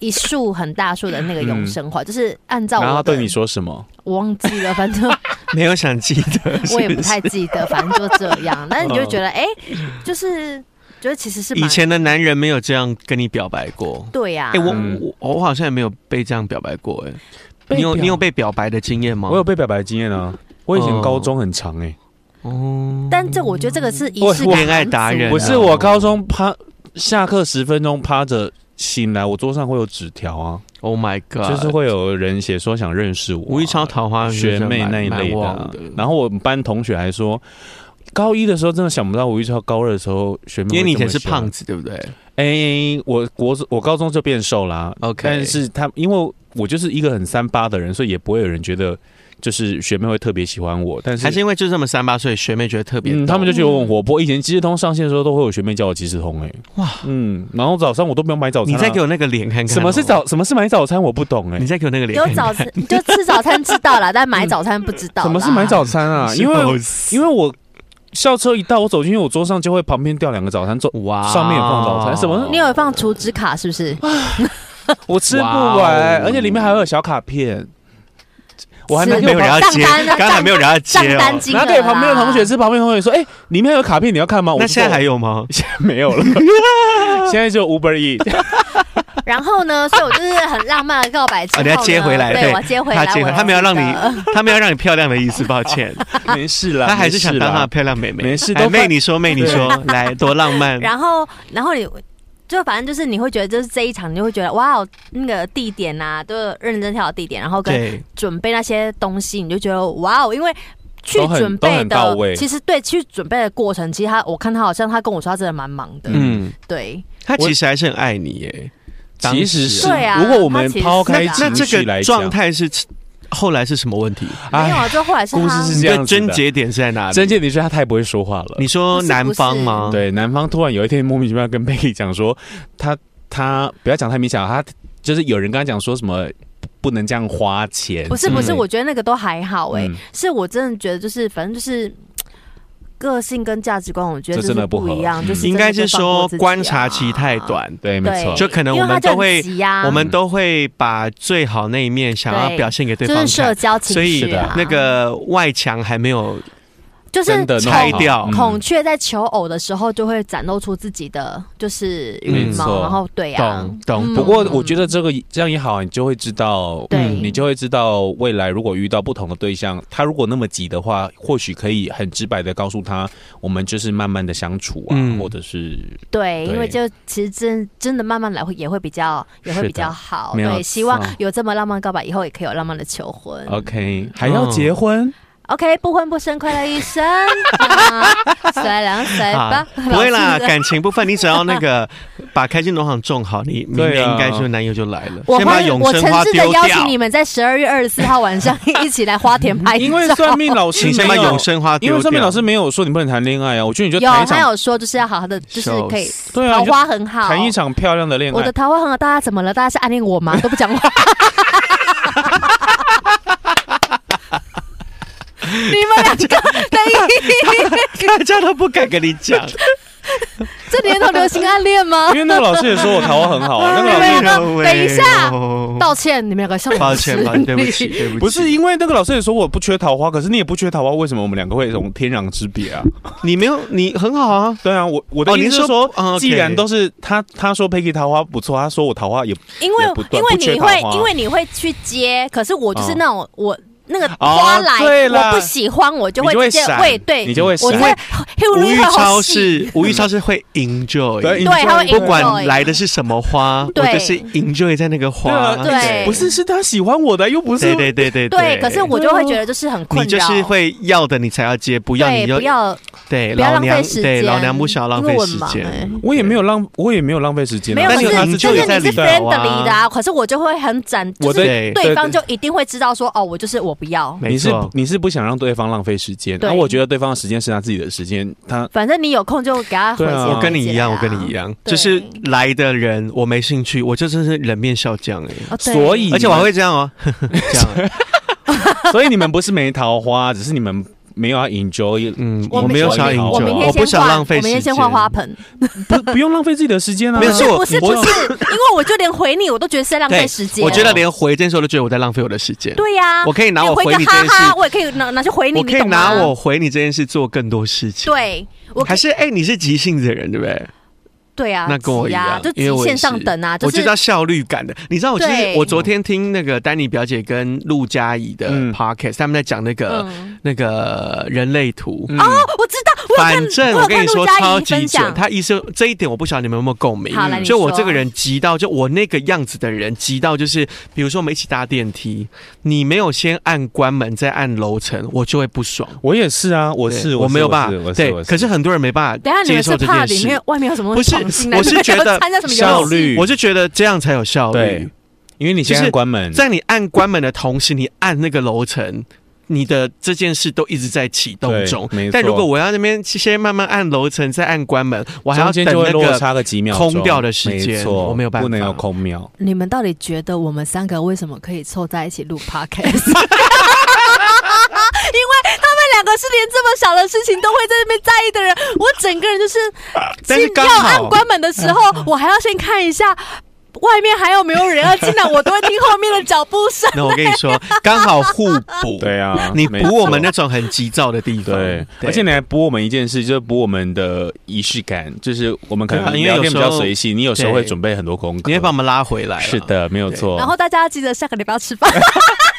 [SPEAKER 2] 一束很大束的那個永生花、嗯，就是按照我的然後
[SPEAKER 1] 對你說什麼，
[SPEAKER 2] 我忘記了，反正
[SPEAKER 1] <laughs> 沒有想記得是是，我也不太記
[SPEAKER 2] 得，反正就這樣。那 <laughs> 你就覺得，哎、欸，就是就是其實是以前的
[SPEAKER 1] 男人沒有這樣跟你表白過，對呀、啊。哎、欸，我我，我好像也沒有被這樣表白過、欸，哎、嗯，你有你有被表白的經驗嗎？我有被表白的經驗啊，我以前高中很長、欸，哎、嗯，哦、嗯，
[SPEAKER 2] 但這我覺得這個是我是戀愛達人、啊，我是我高
[SPEAKER 1] 中趴下課十分鐘趴着。醒來，我桌上會有紙條啊！Oh my god，就是會有人寫說想認識我、啊，吳一超桃花學，學妹那一類的、啊、的。然後我們班同學還說，高一的時候真的想不到吳一超，高二的時候學妹學。因為你以前是胖子，對不對？哎、欸，我國我高中就變瘦了、啊。OK，但是他因為我就是一個很三八的人，所以也不會有人覺得。就是學妹會特別喜歡我，但是還是因為就這麼三八歲，學妹覺得特別、嗯，他們就覺得我很活潑、嗯。以前即時通上線的時候，都會有學妹叫我即時通哎、欸，哇，嗯，然後早上我都不用買早餐、啊。你再給我那個臉看看、喔，什麼是早，什麼是買早餐，我不懂哎、欸。你再給我那個臉，有早餐
[SPEAKER 2] 就吃早餐知道了， <laughs> 但買早餐不知道。什麼是買早
[SPEAKER 1] 餐啊？ <laughs> 因為因為我校車一到，我走進去，我桌上就會旁邊掉兩個早餐，哇，上面有放早餐。什
[SPEAKER 2] 麼？你有放儲值卡是不是？
[SPEAKER 1] <laughs> 我吃不完、哦，而且裡面還會有小卡片。我還沒有，沒有人接，剛才沒有人要接、哦。然後對旁邊的同學，是旁邊同學說：“哎、欸，裡面還有卡片，你要看嗎？”我現在還有嗎？ <laughs> 現在沒有了， <laughs> <laughs> 現在就 Uber Eat。
[SPEAKER 2] <laughs> 然後呢？所以我就是很浪漫的告白之後，人 <laughs> 接回來，對，接回來。他接回來，他沒
[SPEAKER 1] 有讓你，他沒有讓你漂亮的意思。抱歉， <laughs> 沒事了，他還是想當個漂亮妹妹。沒事，沒事妹，你 <laughs> 妹你說，妹你說， <laughs> 來多浪漫。然
[SPEAKER 2] 後，然後你。就反正就是你會覺得就是這一場，你就會覺得哇哦，那個地點啊，都認認真跳的地點，然後跟準備那些東西，你就覺得哇哦，因為去準備的到位，其實對，去準備的過程，其實他我看他好像他跟我說他真的蠻忙的，嗯，對，他其實還
[SPEAKER 1] 是很愛你誒、啊，其實是、啊對啊，如果我們拋開情緒來講，那，他、啊、那這個狀態是。後來是什麼問題？沒有啊，這
[SPEAKER 2] 後來是故事是這樣，癥結
[SPEAKER 1] 點是在哪裡？癥結點是他太不會說話了。你說男方嗎？不是不是對，男方突然有一天莫名其妙跟貝蒂講說，他他不要講太明顯，他就是有人跟他講說什麼不能這樣花錢。不是不是、嗯，我
[SPEAKER 2] 覺得那個都還好誒、欸嗯，是我真的覺得就是反正就是。個性跟價值觀，我覺得這真的不一樣。就是啊、應該是說
[SPEAKER 1] 觀察期太短，啊對，對，沒錯。就可能我們都會，啊，我們都會把最好那一面想要表現給對方看對，就是啊，所以那個外牆還沒有。
[SPEAKER 2] 就是拆掉，孔雀在求偶的時候，就會展露出自己的就是羽毛。嗯、然後，對啊，懂、
[SPEAKER 1] 懂。不過，我覺得這個、嗯、這樣也好、啊，你就會知道對、嗯，你就會知道未來如果遇到不同的對象，他如果那麼急的話，或許可以很直白的告訴他，我們就是慢慢的相處啊，嗯、或者是
[SPEAKER 2] 對，對，因為就其實真真的慢慢來會也會比較也會比較好。對，希望有這麼浪漫告白，以後也可以有浪漫的求婚。
[SPEAKER 1] OK，還要結婚。哦。
[SPEAKER 2] OK 不婚不生快樂一生啊，甩兩甩吧。不會啦，感情
[SPEAKER 1] 部分，你只要那個把開心農場種好，你明年應該就是男友就來了我、啊、把永生花，我誠摯的邀請你
[SPEAKER 2] 們在十二月二十四號晚上一起來花田拍 <laughs> 因為算命老師，你先把永生花，因為算命
[SPEAKER 1] 老師沒有說你不能談戀愛啊，我覺得你就有，他有
[SPEAKER 2] 說就是要好好的，就是可以桃花很好談、啊、一
[SPEAKER 1] 場漂亮的戀愛。我的
[SPEAKER 2] 桃花很好，大家怎麼了？大家是暗戀我嗎？都不講話 <laughs> 你們兩
[SPEAKER 1] 個，等一下，大家都不敢跟你講。
[SPEAKER 2] <laughs> 這年頭流行暗戀嗎？因為那個老師也說我桃花很好啊，哦。那個老師也說個，等一下，哦，道歉，你們兩個抱歉，抱歉，對不起，對不起。不是
[SPEAKER 1] 因為那個老師也說我不缺桃花，可是你也不缺桃花，為什麼我們兩個會這種天壤之別啊？ <laughs> 你沒有，你很好啊。對啊，我我的意思哦，您是說，既然都是他，他說 Peggy 桃花不錯，他說我桃花也因為也不因為你會因為
[SPEAKER 2] 你會去接，可是我就是那種我。啊那個花來、oh, 對，我不喜歡，我就會閃。對，你就會閃。我因為無慾超市，
[SPEAKER 1] 無意超市、嗯、會 enjoy 對。Enjoy, 會 enjoy, 對，他會 enjoy。不管來的是什麼花，對，我就是 enjoy 在那個花，對，不是是他喜歡我的，又不是。對對對對，對。對，可是我就會覺得
[SPEAKER 2] 就是很困擾。你就是
[SPEAKER 1] 會要的，你才要接，不要你就不要。
[SPEAKER 2] 對，不要浪費時間。對，老娘不需要浪費時間、欸。我也沒
[SPEAKER 1] 有浪，我也沒有浪費時間。沒有，但是就是你是 friendly 的啊，
[SPEAKER 2] 可是我就會很斬。我對。對方就一定會知道說，哦，我就是我。不要，你是
[SPEAKER 1] 你是不想讓對方浪費時間。那、啊，我覺得對方的時間是他自己的時間，他
[SPEAKER 2] 反正你有空就給他。對啊，我跟
[SPEAKER 1] 你一樣，我跟你一樣，就是來的人我沒興趣，我就真是冷面笑匠哎，欸。所以，而且我還會這樣哦，呵呵 <laughs> 這樣。 <laughs> <laughs> 所以你們不是沒桃花， <laughs> 只是你們。沒有啊，enjoy，嗯我，我沒有想要 enjoy, 我，我明天先換，我,我先換
[SPEAKER 2] 花盆， <laughs> 不不用
[SPEAKER 1] 浪費自己的時間啊,啊。不是，不是，不是，
[SPEAKER 2] 因為我就連回你，我都覺得是在浪費時間。我覺得
[SPEAKER 1] 連回這件事，我都覺得我在浪費我的時間。對呀、啊，我可以拿我回哈哈你這件事，
[SPEAKER 2] 我也可以拿拿去回你。我可以拿我
[SPEAKER 1] 回你這件事做更多事情。
[SPEAKER 2] 對，
[SPEAKER 1] 還是哎、欸，你是急性子的人，對不對？
[SPEAKER 2] 對呀、啊，那跟我一樣，是啊，就線上等啊，我就是，我就知道
[SPEAKER 1] 效率感的。你知道，我其實我昨天聽那個丹尼表姐跟陸佳怡的 podcast，嗯、他們在講那個、嗯、那個人類圖啊、嗯哦，我知道。反正我跟你說超級準。他醫生這一點我不曉得你們有沒有共鳴。就我這個人急到，就我那個樣子的人急到，就是比如說我們一起搭電梯，你沒有先按關門再按樓層，我就會不爽。我也是啊，我是我沒有辦法，對。可是很多人沒辦法接受這件事。
[SPEAKER 2] 不是，我是覺得效率，我
[SPEAKER 1] 是覺得這樣才有效率，因為你先按關門，在你按關門的同時，你按那個樓層。你的這件事都一直在啟動中，但如果我要那邊先慢慢按樓層，再按關門，我還要等那個差個幾秒。空掉的時間，沒錯，我沒有辦法，不能有空秒。
[SPEAKER 2] 你們到底覺得我們三個為什麼可以湊在一起錄 Podcast？ <laughs> <laughs> <laughs> 因為他們兩個是連這麼小的事情都會在那邊在意的人，我整個人就是，但是剛好按關門的時候，我還要先看一下，外面還有沒有人要進來？我都會聽後面的腳步聲。欸。 <laughs> 那我跟你說，
[SPEAKER 1] 剛好互補。 <laughs> 對啊，你補我們那種很急躁的地方。對，對，而且你還補我們一件事，就是補我們的儀式感。就是我們可能因為有比較隨性，你有時候會準備很多功課，你會把我們拉回來。是的，沒有錯。然
[SPEAKER 2] 後大家要記得下個禮拜吃飯。 <laughs>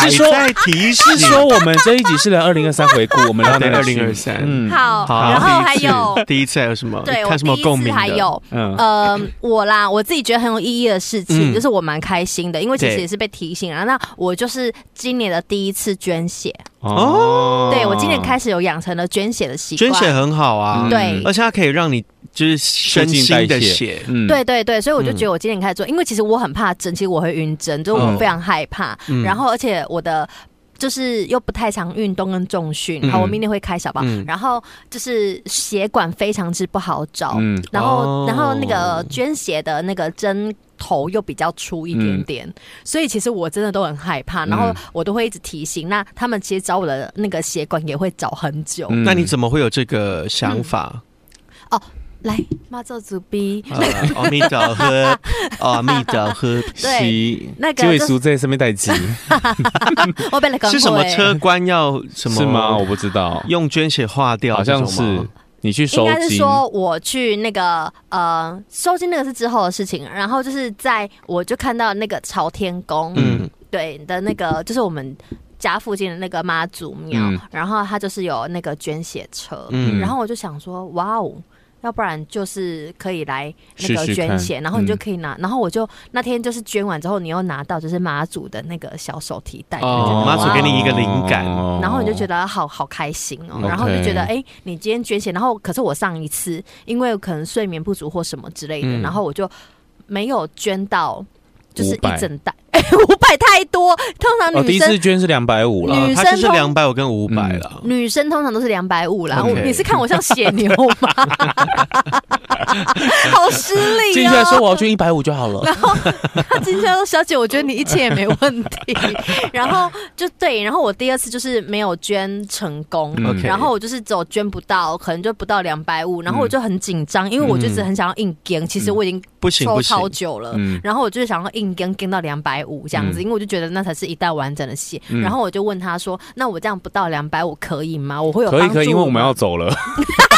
[SPEAKER 1] 在是說提示說我們這一集是在二零二三回顧， <laughs> 我們要在二零二三，嗯， <laughs> 好，然後還有 <laughs> 第一次還有什麼？對，我第一次看什麼共鳴？還有，
[SPEAKER 2] 呃、嗯，我啦，我自己覺得很有意義的事情、嗯，就是我蠻開心的，因為其實也是被提醒了。那我就是今年的第一次捐血哦，對，我今年開始有養成了捐血的習慣，捐血很
[SPEAKER 1] 好啊，對、嗯，而且它可以讓你就是身體的血，血，嗯，對對對，所以我就覺得我
[SPEAKER 2] 今年開始做，因為其實我很怕針，其實我會暈針，就我非常害怕，嗯、然後而且。我的就是又不太常運動跟重訓，好、嗯，然後我明天會開小包、嗯。然後就是血管非常之不好找，嗯、然後、哦、然後那個捐血的那個針頭又比較粗一點點、嗯，所以其實我真的都很害怕。然後我都會一直提醒，嗯、那他們其實找我的那個血管也會找很久。嗯嗯、那你
[SPEAKER 1] 怎麼會有這個想法？嗯、
[SPEAKER 2] 哦。來媽祖祖碑，阿彌陀佛，
[SPEAKER 1] 阿彌陀佛，對、 <laughs> 哦， <laughs> 那個紀委書記是沒代志，
[SPEAKER 2] 什 <laughs> <laughs> 是什麼車
[SPEAKER 1] 官要什麼？是嗎？我不知道， <laughs> 用捐血化掉，好像是 <laughs> 你去收金，應該
[SPEAKER 2] 是說我去那個呃，收金那個是之後的事情，然後就是在我就看到那個朝天宮，嗯，對的那個就是我們家附近的那個媽祖廟、嗯，然後它就是有那個捐血車，嗯，然後我就想說，哇哦。要不然就是可以來那個捐錢，試試，然後你就可以拿，嗯、然後我就那天就是捐完之後，你又拿到就是媽祖的那個小手提袋，媽祖給你一個靈感，然後你就覺得好好開心哦，哦，然後你就覺得哎、哦 okay 欸，你今天捐錢，然後可是我上一次因為可能睡眠不足或什麼之類的，嗯、然後我就沒有捐到，就是一整袋。五百太多，通常女生哦，第一次捐
[SPEAKER 1] 是兩百五了。女生是兩百五跟五百了。
[SPEAKER 2] 女生通常都是兩百五了。Okay. 你是看我像血牛嗎？ <laughs> <laughs> 好失禮、哦。進去還說我要
[SPEAKER 1] 捐一百五就好了。
[SPEAKER 2] 然後他進去還說：“小姐，我覺得你一切也沒問題。 <laughs> ”然後就對，然後我第二次就是沒有捐成功。Okay. 然後我就是走捐不到，可能就不到兩百五。然後我就很緊張，因為我就只很想要硬捐、嗯，其實我已經抽超久了。然後我就是想要硬捐，捐到兩百。五這樣子，因為我就覺得那才是一道完整的戲、嗯。然後我就問他說：“那我這樣不到兩百五可以嗎？我會有幫助嗎？可以可以，因為我們
[SPEAKER 1] 要走了。 <laughs>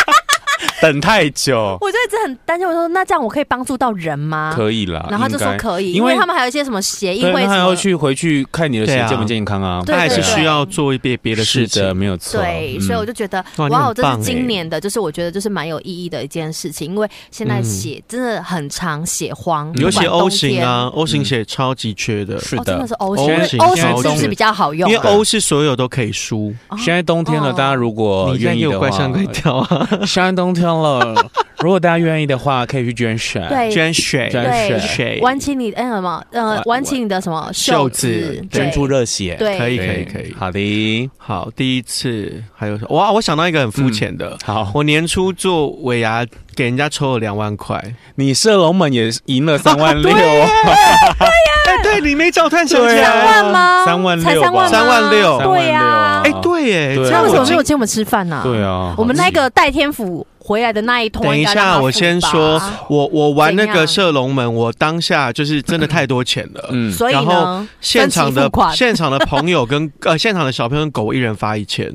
[SPEAKER 1] 等太久，我
[SPEAKER 2] 就一直很擔心。我說那這樣我可以幫助到人嗎？可
[SPEAKER 1] 以啦，然後他就說可以因，因為他們
[SPEAKER 2] 還有一些什麼血型，因為他
[SPEAKER 1] 要去回去看你的血、啊、健不健康啊？他還是需要做一遍別的事情，對對對，是的，沒有錯。對、嗯，所以我就
[SPEAKER 2] 覺得哇，欸、哇我這是今年的，就是我覺得就是蠻有意義的一件事情，因為現在血真的很常血荒、嗯，有寫 O 型啊，O 型血
[SPEAKER 1] 超級缺的。嗯、是的，oh, 真的是 O 型。O 型是不是比較好用？因為 O 是所有都可以輸、哦。現在冬天了，大家如果的話、哦、你願意，怪山可以挑啊，現在冬天。 <laughs> 如果大家願意的話，可以去捐血，捐血，捐血，挽
[SPEAKER 2] 起你哎什麼？呃、欸，挽、嗯嗯、起你的什麼子袖子，捐出熱
[SPEAKER 1] 血對對，可以對，可以，可以。好的，好，第一次，還有哇，我想到一個很膚淺的、嗯，好，我年初做尾牙，給人家抽了兩萬塊，你射龍門也贏了三萬六，
[SPEAKER 2] 哎，對你沒找探險家萬嗎？
[SPEAKER 1] 三萬六吧，三萬六，對呀，哎，對、啊，哎、欸，那為什麼沒有
[SPEAKER 2] 請我們吃飯呢？
[SPEAKER 1] 對啊，我們那
[SPEAKER 2] 個戴天福。回來的那一桶。等一下，我
[SPEAKER 1] 先說，啊、我我玩那個射龍門，我當下就是真的太多錢了。嗯，然後嗯，所以呢，現場的現場的朋友跟 <laughs> 呃，現場的小朋友狗一人發一千。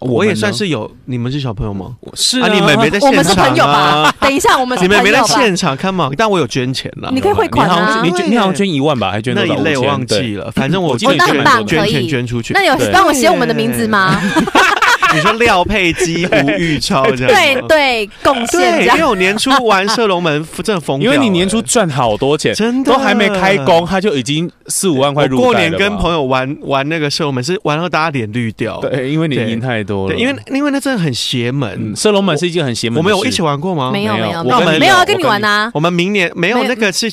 [SPEAKER 1] 我也算是有，你們是小朋友嗎？是啊，啊你們沒在現場、啊、我們是朋友吧？
[SPEAKER 2] 等一下，我們是朋友 <laughs> 你們沒在現
[SPEAKER 1] 場， <laughs> 看嘛，但我有捐錢了、啊。你可以匯款啊，你好、欸、你好像捐一萬吧，還捐到那一類，我忘記了，反正我捐我那很棒，可以捐，捐出去。那有幫我寫我們的名字嗎？ <laughs> 你說廖珮姬、胡玉超，這樣對，對對
[SPEAKER 2] 貢獻。對，因為我年
[SPEAKER 1] 初玩射龍門真的瘋掉，因為你年初賺好多錢，真的都還沒開工，他就已經四五萬塊入袋了。過年跟朋友玩玩那個射龍門是玩到大家臉綠掉，對，因為你贏太多了。對，因為因為，因為那真的很邪門，射、嗯、龍門是一件很邪門的事情，我沒有一起玩過嗎？沒有沒有，我們沒有啊，跟你玩吶、啊。我們明年沒有那個是。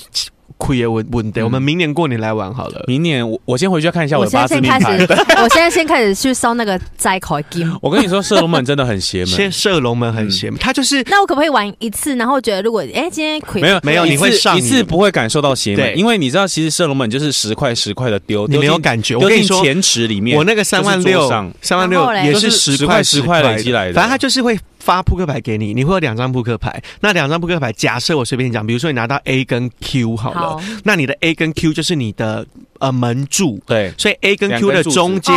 [SPEAKER 1] 虧耶，穩穩的。我們明年過年來玩好了。明年我我先回去看一下我的八字命盤。我現在先開始， <laughs> 我
[SPEAKER 2] 現在先開始去燒那個財庫金 <laughs>
[SPEAKER 1] 我跟你說，射龍門真的很邪門。先射龍門很邪門，
[SPEAKER 2] 他、嗯、就是。那我可不可以玩一次，然後覺得如果哎、欸、今天虧、嗯就是？沒有沒有，你會上你一次
[SPEAKER 1] 不會感受到邪門，對，因為你知道，其實射龍門就是十塊十塊的丟，你沒有感覺。我跟你說，錢池裡面，我那個三萬六，三萬六也是十塊十塊累積來的，反正他就是會。發撲克牌給你，你會有兩張撲克牌。那兩張撲克牌，假設我隨便講，比如說你拿到 A 跟 Q 好了，好，那你的 A 跟 Q 就是你的。呃，門柱，對，所以 A 跟 Q 的中間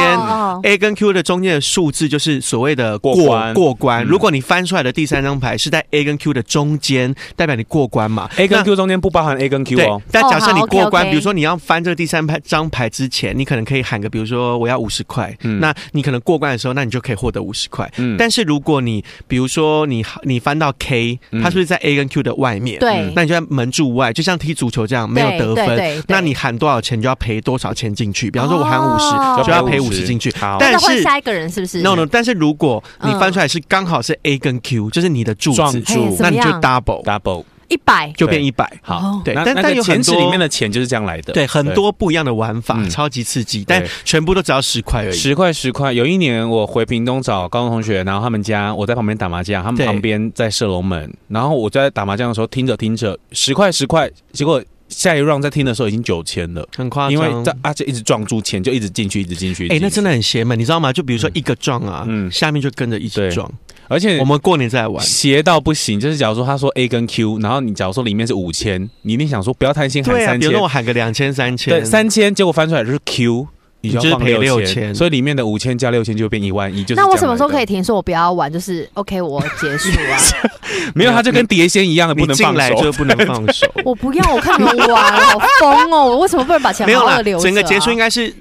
[SPEAKER 1] ，A 跟 Q 的中間的數字就是所謂的過過關，過，關過關。如果你翻出來的第三張牌是在 A 跟 Q 的中間，代表你過關嘛。嗯、A 跟 Q 中間不包含 A 跟 Q 哦。但假設你過關、哦 okay, okay，比如說你要翻這個第三張牌之前，你可能可以喊個，比如說我要五十塊。那你可能過關的時候，那你就可以獲得五十塊。但是如果你，比如說你你翻到 K，它是不是在 A 跟 Q 的外面？嗯、對，那你就在門柱外，就像踢足球這樣沒有得分，對對對對。那你喊多少錢你就要賠。賠多少錢進去？比方說，我喊五十，就要賠五十進去。但是，好但是下一
[SPEAKER 2] 個人是不是？no no，嗯。
[SPEAKER 1] 但是如果你翻出來是剛、嗯，好是 A 跟 Q，就是你的柱子，撞柱，那你就 double double
[SPEAKER 2] 一百，就變一
[SPEAKER 1] 百。好，哦，對。那那但但錢池裡面的錢就是這樣來的。對，對很多不一樣的玩法，嗯，超級刺激。但全部都只要十塊而已。十塊十塊。有一年我回屏東找高中同學，然後他們家，我在旁邊打麻將，他們旁邊在射龍門。然後我在打麻將的時候聽着聽着，十塊十塊，結果。下一 round 在聽的時候已經九千了，很誇張，因為這而且、啊、一直撞住錢，就一直進去，一直進去。誒、欸，那真的很邪門，你知道嗎？就比如說一個撞啊，嗯，下面就跟着一直撞，嗯、而且我們過年再玩，邪到不行。就是假如說他說 A 跟 Q，然後你假如說裡面是五千，你一定想說不要貪心，喊三千、啊，比如我喊個兩千三千，對三千，結果翻出來就是 Q。
[SPEAKER 2] 你要放你就是賠六千，所以
[SPEAKER 1] 裡面的五千加六千就變一萬一。就是、那我什麼時
[SPEAKER 2] 候可以停？說我不要玩，就是 OK，我結束
[SPEAKER 1] 啊。 <laughs> <laughs> 沒有，他就跟碟仙一樣的，不能放手，來就不能放
[SPEAKER 2] 手。 <laughs> <laughs> 我不要，我看你們玩好瘋哦，我為什麼不能把錢毛毛留、啊、沒有了？整個結束應
[SPEAKER 1] 該是。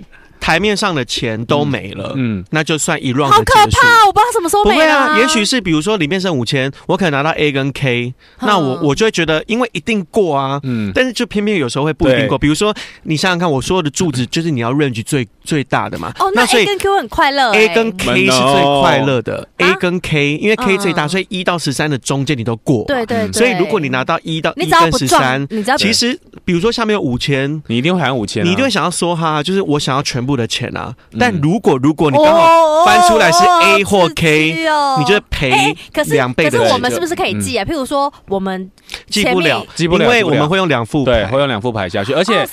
[SPEAKER 1] 台面上的錢都沒了，嗯，嗯那就算一輪。好可怕、啊，我不知
[SPEAKER 2] 道什麼時候沒不會啊。也許
[SPEAKER 1] 是比如說裡面剩五千，我可能拿到 A 跟 K，、嗯、那我我就會覺得，因為一定過啊，嗯，但是就偏偏有時候會不一定過。比如說你想想看，我所有的柱子就是你要 range 最最大的嘛，哦，那 A 跟
[SPEAKER 2] Q 很快樂、欸、，A 跟 K 是最快樂
[SPEAKER 1] 的，的、哦、，A 跟 K，因為 K 最大，嗯、所以一到十三的中間你都過，對對，對對。所以如果你拿到一到一到十三，你只要其實比如說下面有五千，你一定會喊五千、啊，你一定會想要梭哈，就是我想要全部。的錢啊，但如果如果你剛好翻出來是 A 或 K，哦哦哦、哦、你就是賠兩倍的倍、欸可。可是我們是不是可以記
[SPEAKER 2] 啊？嗯、譬如說我們記不了，記不了，因為我們會
[SPEAKER 1] 用兩副牌，對，會用兩副牌下去，而且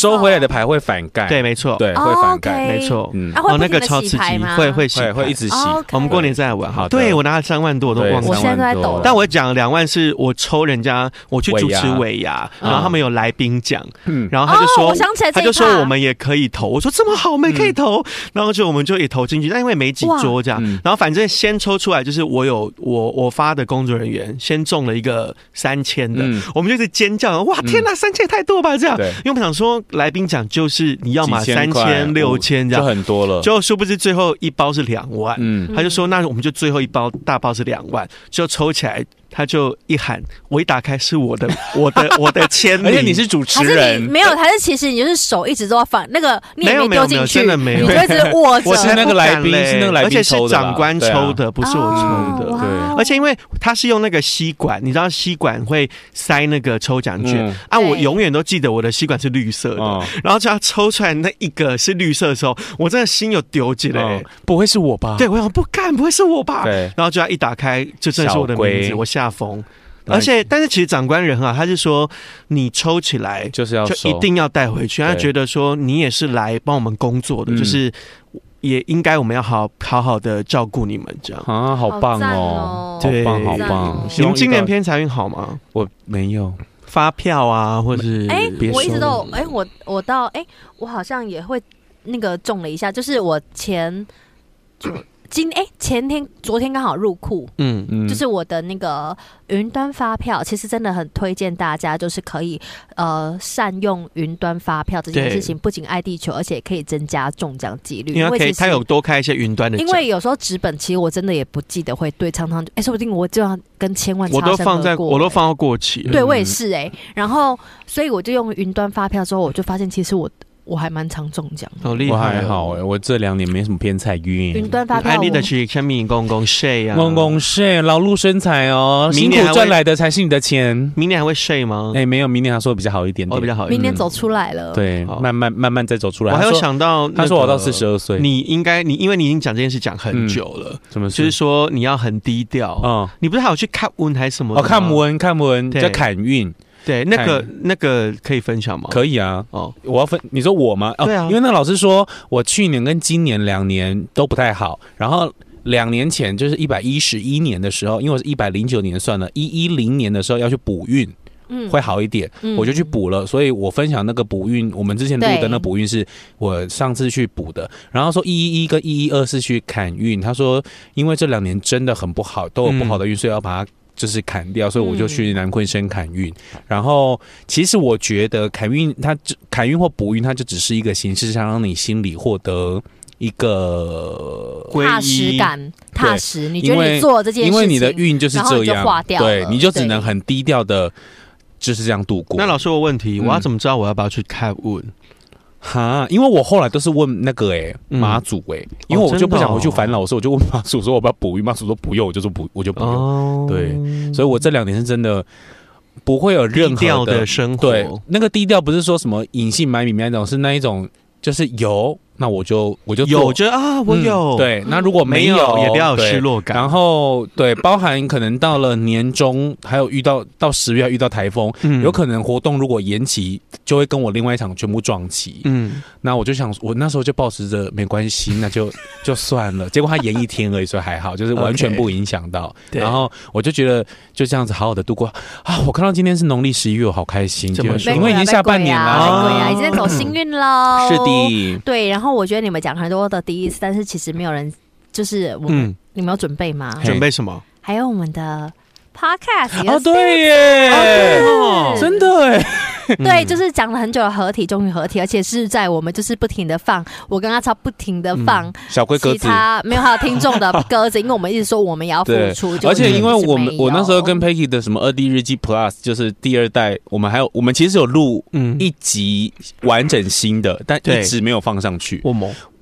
[SPEAKER 1] 收回來的牌會反蓋、哦。對，沒錯，對、哦 okay, 啊，會反蓋，沒錯。嗯，哦，那個超刺激會會，會洗會，會一直洗。哦、okay, 我們過年再來玩哈。對我拿了三萬多都忘了三萬多了，我現在都在抖了，但我講兩萬是我抽人家，我去主持尾牙，然後他們有來賓講，然後他就說，他就說我們也可以投。我說這麼。好，我們可以投、嗯，然後就我們就也投進去，但因為沒幾桌這樣、嗯，然後反正先抽出來就是我有我我發的工作人員先中了一個三千的、嗯，我們就是尖叫，哇天哪、啊嗯，三千也太多吧這樣，嗯，因為我想說來賓獎就是你要嘛三千,千六千這樣、哦，就很多了，最後殊不知最後一包是兩萬，嗯，他就說那我們就最後一包大包是兩萬，就抽起來。他就一喊，我一打開是我的， <laughs> 我的，我的簽，而且你是主持人，是你沒
[SPEAKER 2] 有，他是其實你就是手一直都在放那個你沒丟進去，沒有沒有沒有，真的沒有，你就是握着。 <laughs> 我是、那個、是那個來賓，而且是長官抽的，
[SPEAKER 1] 啊、不是我抽的、嗯，對。而且因為他是用那個吸管，你知道吸管會塞那個抽獎券、嗯。啊，我永遠都記得我的吸管是綠色的，然後就要抽出來那一個是，嗯、個是綠色的時候，我真的心有丟起來、欸嗯，不會是我吧？對，我想不敢，不會是我吧？對。然後就要一打開，就真的是我的名字，我。下風，而且但是其實長官人啊，他是說你抽起來就是要就一定要帶回去、就是，他覺得說你也是來幫我們工作的，嗯、就是也應該我們要好好好的照顧你們這樣啊，好棒哦，對，好棒，好棒、哦，你們今年偏財運好嗎？我沒有發票啊，或是哎、欸，我一直都
[SPEAKER 2] 哎、欸，我我到哎、欸，我好像也會那個中了一下，就是我前就。今哎、欸、前天昨天剛好入庫，嗯嗯，就是我的那個雲端發票，其實真的很推薦大家，就是可以呃善用雲端發票這件事情，不僅愛地球，而且可以增加中獎幾率。因為，他，因為其實他有
[SPEAKER 1] 多開一些雲端的，因為
[SPEAKER 2] 有時候紙本其實我真的也不記得會對，常常哎、欸、說不定我就要跟千萬我都放在、欸、我
[SPEAKER 1] 都放到過期了、嗯。對，我也是
[SPEAKER 2] 哎、欸，然後所以我就用雲端發票之後，我就發現其實我。我還蠻常中獎、哦欸，我還
[SPEAKER 1] 好我這兩年沒什麼偏財運。雲端大炮，你還公公曬啊！公公曬，勞碌生財哦，辛苦賺來的才是你的錢。明年還會曬嗎、欸？沒有，明年他說比較好一點、點，我、哦、比較好一點，明年
[SPEAKER 2] 走出來了。
[SPEAKER 1] 嗯、對，慢慢慢慢再走出來。我還有想到、那個，他說我到四十二歲，你應該你因為你已經講這件事講很久了，怎、嗯、麼？就是說你要很低調、嗯、你不是還有去砍文還是什麼的？哦，砍文，砍文叫砍運。對，那個那個可以分享嗎？可以啊，哦，我要分。你說我嗎？哦、對啊，因為那個老師說我去年跟今年兩年都不太好，然後兩年前就是一百一十一年的時候，因為我是一百零九年算了，一一零年的時候要去補運，嗯，會好一點，我就去補了。嗯、所以我分享那個補運，我們之前錄的那個補運是我上次去補的。然後說一一一跟一一二是去砍運，他說因為這兩年真的很不好，都有不好的運，嗯、所以要把它。就是砍掉，所以我就去南鯤鯓砍運、嗯。然後，其實我覺得砍運，它砍運或補運，它就只是一個形式，想讓你心裡獲得一個歸一踏實感。踏實，你覺得你做這件事情，因為你的運就是這樣，對，你就只能很低調的，就是這樣度過。那老師，我問題、嗯，我要怎麼知道我要不要去砍運？哈，因為我後來都是問那個哎、欸，媽、嗯、祖誒、欸，因為我就不想回去煩惱，所、哦、以、哦、我就問媽祖說我不，我要捕魚，媽祖說不用，我就說不，我就不用、哦，對，所以我這兩年是真的不會有任何的，低調的生活。對，那個低調不是說什麼隱姓埋名那種，是那一種就是有。那我就我就有着啊，我有、嗯、對。那如果沒有，沒有也比較有失落感。然後對，包含可能到了年終，還有遇到到十月遇到台風、嗯，有可能活動如果延期，就會跟我另外一場全部撞期。嗯，那我就想，我那時候就抱持着沒關係，那就就算了。 <laughs> 結果他延一天而已，所以還好，就是完全不影響到。Okay, 然後我就覺得就這樣子好好的度過啊！我看到今天是農曆十一月，我好開心，怎麼說？因為已經下半年了，對呀、已經在走
[SPEAKER 2] 幸運了， <coughs> 是的，對，然後。然後我覺得你們講很多的第一次，但是其實沒有人，就是我，嗯、你們有準備嗎？準備什麼？還有我們的 Podcast 哦、啊，對耶，啊對
[SPEAKER 1] 耶啊對哦、真的
[SPEAKER 2] 哎。 <laughs> <laughs> 對，就是講了很久的合體，終於合體，而且是在我們就是不停的放，我跟阿超不停的放，嗯、小龜鴿子其他沒有好聽眾的鴿子， <laughs> 因為我們一直說我們也要付出，而且因為我們我那時候
[SPEAKER 1] 跟 Peggy 的什麼二 D 日記 Plus 就是第二代，我們還有我們其實有錄一集完整新的，嗯，但一直沒有放上去。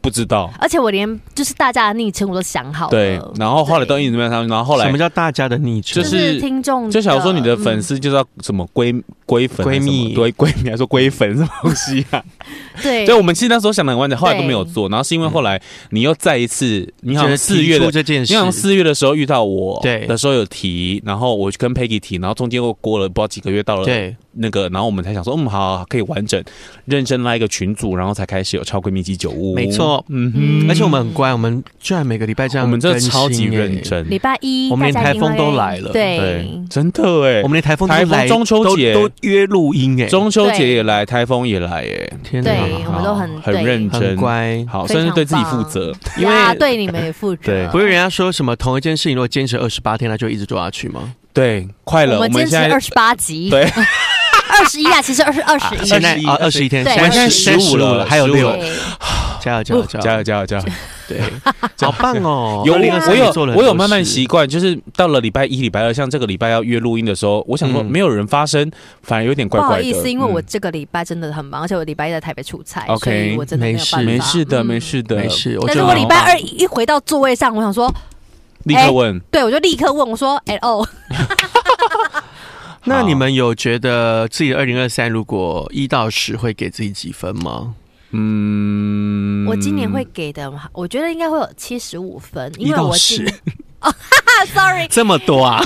[SPEAKER 1] 不知道，
[SPEAKER 2] 而且我連就是大家的昵稱我都想好了。對，
[SPEAKER 1] 然後後來都一直沒談，然後後來什麼叫大家的昵稱？就是聽眾就假如說你的粉絲就是叫什麼閨閨粉閨蜜閨閨蜜，還是說閨粉什,什,什,什麼東西啊？
[SPEAKER 2] 對，所以我們
[SPEAKER 1] 其實那時候想的很完整，後來都沒有做。然後是因為後來你又再一次，你好像四月的，你好像四月的時候遇到我，對的時候有提，然後我去跟 Peggy 提，然後中間又過了不知道幾個月，到了。對。那個，然後我們才想說，嗯，好、啊，可以完整、認真拉一個群組，然後才開始有超龜蜜姬酒屋。沒錯，嗯，而且我們很乖，我們居然每個禮拜這樣，嗯、我們真的超級認真。禮
[SPEAKER 2] 拜一，我們連颱風都來了，對，
[SPEAKER 1] 對，真的哎，我們連颱風都颱風、颱風中秋節都、都約錄音哎，中秋節也來，颱風也來哎，天哪，我們都
[SPEAKER 2] 很很認真，乖，
[SPEAKER 1] 好，算是對自己負責，因為、因
[SPEAKER 2] 為 <laughs> 對你們也負責。對，不會
[SPEAKER 1] 人家說什麼，同一件事情如果堅持二十八天，它就一直做下去嗎？對，快樂，我們堅持二十
[SPEAKER 2] 八集。對。 <laughs> <laughs> 十一啊，其實二十二十一，現在啊二十一天，對現在十五了,了，還有六，
[SPEAKER 1] 加油加油加油、呃、加油加油！對，加油好棒哦。有、啊、我有我有慢慢習慣，就是到了禮拜一、禮拜二，像這個禮拜要約錄音的時候，我想說沒有人發聲、嗯，反而有點怪怪的。不好意思，因為我
[SPEAKER 2] 這個禮拜真的很忙，而且我禮拜一在台北出差，OK，、嗯、我真的沒,沒事、嗯、沒事
[SPEAKER 1] 的沒事的沒事、嗯。但是我禮拜二
[SPEAKER 2] 一回到座位上，我想說，
[SPEAKER 1] 立刻問，欸、
[SPEAKER 2] 對我就立刻問我說，哎哦。
[SPEAKER 1] 那你們有覺得自己二零二三如果一到十會給自己幾分嗎？嗯，我今年會
[SPEAKER 2] 給的嗎，我覺得應該會有七十五分，因為我十哈哈，sorry，
[SPEAKER 1] 這麼多啊，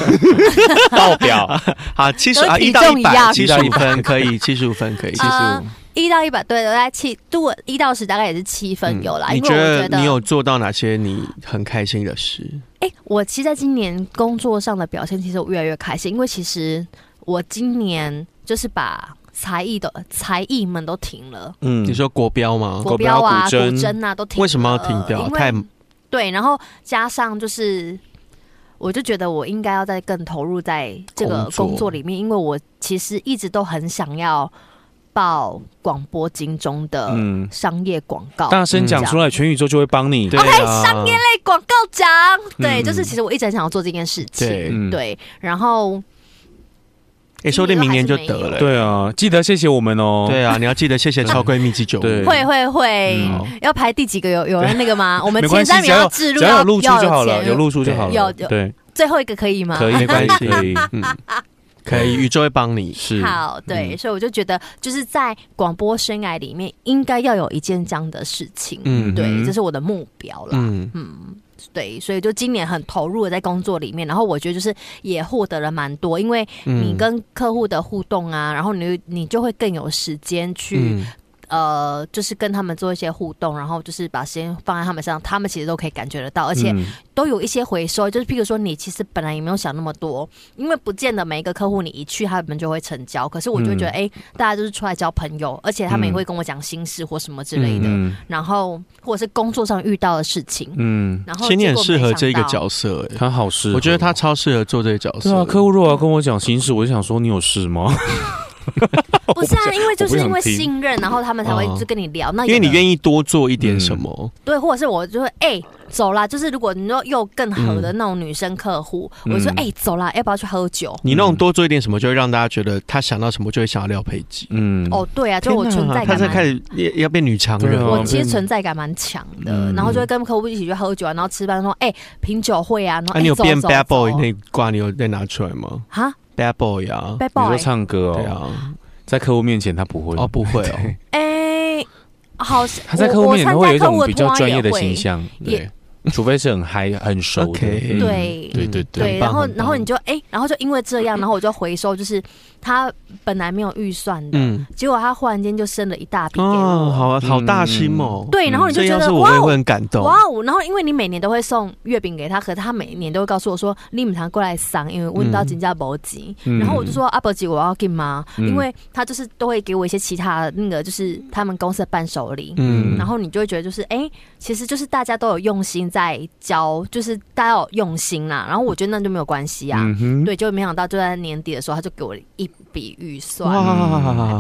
[SPEAKER 1] 爆 <laughs> 表好七十，啊，七啊，一到一百，七十五分可以，七十五分可以，七十五
[SPEAKER 2] 一到一百，對，大概七對，一到十大概也是七分有啦，嗯。你覺得你有
[SPEAKER 1] 做到哪些你很開心的事？
[SPEAKER 2] 哎，我其實在今年工作上的表現其實我越來越開心，因為其實。我今年就是把才藝的才藝們都停了。
[SPEAKER 1] 嗯，你說國標嗎？啊？國標啊，古箏啊，啊，啊，啊，都停了。為什麼要停掉？因為
[SPEAKER 2] 太對，然後加上就是，我就覺得我應該要再更投入在這個工作裡面，因為我其實一直都很想要報廣播金鐘的商業廣告，嗯，大聲講出來，
[SPEAKER 1] 嗯，全宇宙就會幫你。OK，啊啊、商業
[SPEAKER 2] 類廣告獎，嗯，對，就是其實我一直很想要做這件事情。對，嗯、對然後。
[SPEAKER 1] 哎、欸，說不定明年就得了，欸。對啊，記得謝謝我們哦，喔。對啊，你要記得謝謝超龜蜜姬酒屋。會
[SPEAKER 2] 會會，要排第幾個？有有那個嗎？我們前三名要只要有，只要露出就好了，有露出就好了有。有有對，最後一個可以嗎？可以，沒關係、 <laughs> 嗯。
[SPEAKER 1] 可以，宇宙會幫你。好，
[SPEAKER 2] 對，所以我就覺得，就是在廣播生涯裡面，應該要有一件這樣的事情。嗯，對，這是我的目標啦。嗯嗯。對，所以就今年很投入的在工作裡面，然後我覺得就是也獲得了蠻多，因為你跟客戶的互動啊，然後你你就會更有時間去。呃，就是跟他們做一些互動，然後就是把時間放在他們身上，他們其實都可以感覺得到，而且都有一些回收。嗯、就是譬如說，你其實本來也沒有想那麼多，因為不見得每一個客戶你一去他們就會成交。可是我就會覺得，哎、嗯欸，大家就是出來交朋友，而且他們也會跟我講心事或什麼之類的，嗯、然後或者是工作上遇到的事情。嗯，然後其實你很適合這個
[SPEAKER 1] 角色、欸，他好適，我覺得他超適合做這個角色對、啊。客戶如果要跟我講心事，我就想說，你有事嗎？ <laughs>
[SPEAKER 2] 不是啊不，因為就是因為信任，然後他們才會就跟你聊。啊、那因為你願意
[SPEAKER 1] 多做一點什麼，嗯、
[SPEAKER 2] 對，或者是我就會哎、欸、走啦，就是如果你說有更好的那種女生客戶、嗯，我就說哎、欸、走啦，要、欸、不要去喝酒、嗯？
[SPEAKER 1] 你那種多做一點什麼，就會讓大家覺得他想到什麼就會想到廖珮姬。嗯，對哦對啊，就我存在感、啊，他才開始要要變女強人、啊。我其實存
[SPEAKER 2] 在感蠻強的、嗯，然後就會跟客戶一起去喝酒啊，然後吃飯說哎品酒會啊。然後啊、欸、啊走走走，你有變 bad
[SPEAKER 1] boy 那掛，你有再拿出來嗎？哈，bad boy 呀，bad boy 啊、bad boy？你說唱歌、哦在客戶面前他不會哦，不會哦，
[SPEAKER 2] 誒、 <laughs> 欸，好像他在客戶面前會有一種比較專業的形象，對，
[SPEAKER 1] 除非是很嗨很熟、sure， <laughs> 對，對對對對，然後
[SPEAKER 2] 然後你就哎、欸，然後就因為這樣，然後我就回收就是。很棒很棒 <laughs> 他本來沒有預算的、嗯，結果他忽然間就升了一大筆。哦，
[SPEAKER 1] 好啊，好大心哦、嗯。對，然後你就覺得哇，是我覺得會很感動哇、哦。
[SPEAKER 2] 哇哦，然後因為你每年都會送月餅給他，可是他每年都會告訴我說你們常過來賞，因為問到金家伯吉，然後我就說阿伯吉我要給嗎、嗯？因為他就是都會給我一些其他那個，就是他們公司的伴手禮。嗯，然後你就會覺得就是哎、欸，其實就是大家都有用心在交，就是大家有用心啦。然後我覺得那就沒有關係啊、嗯。對，就沒想到就在年底的時候，他就給我一。比預算，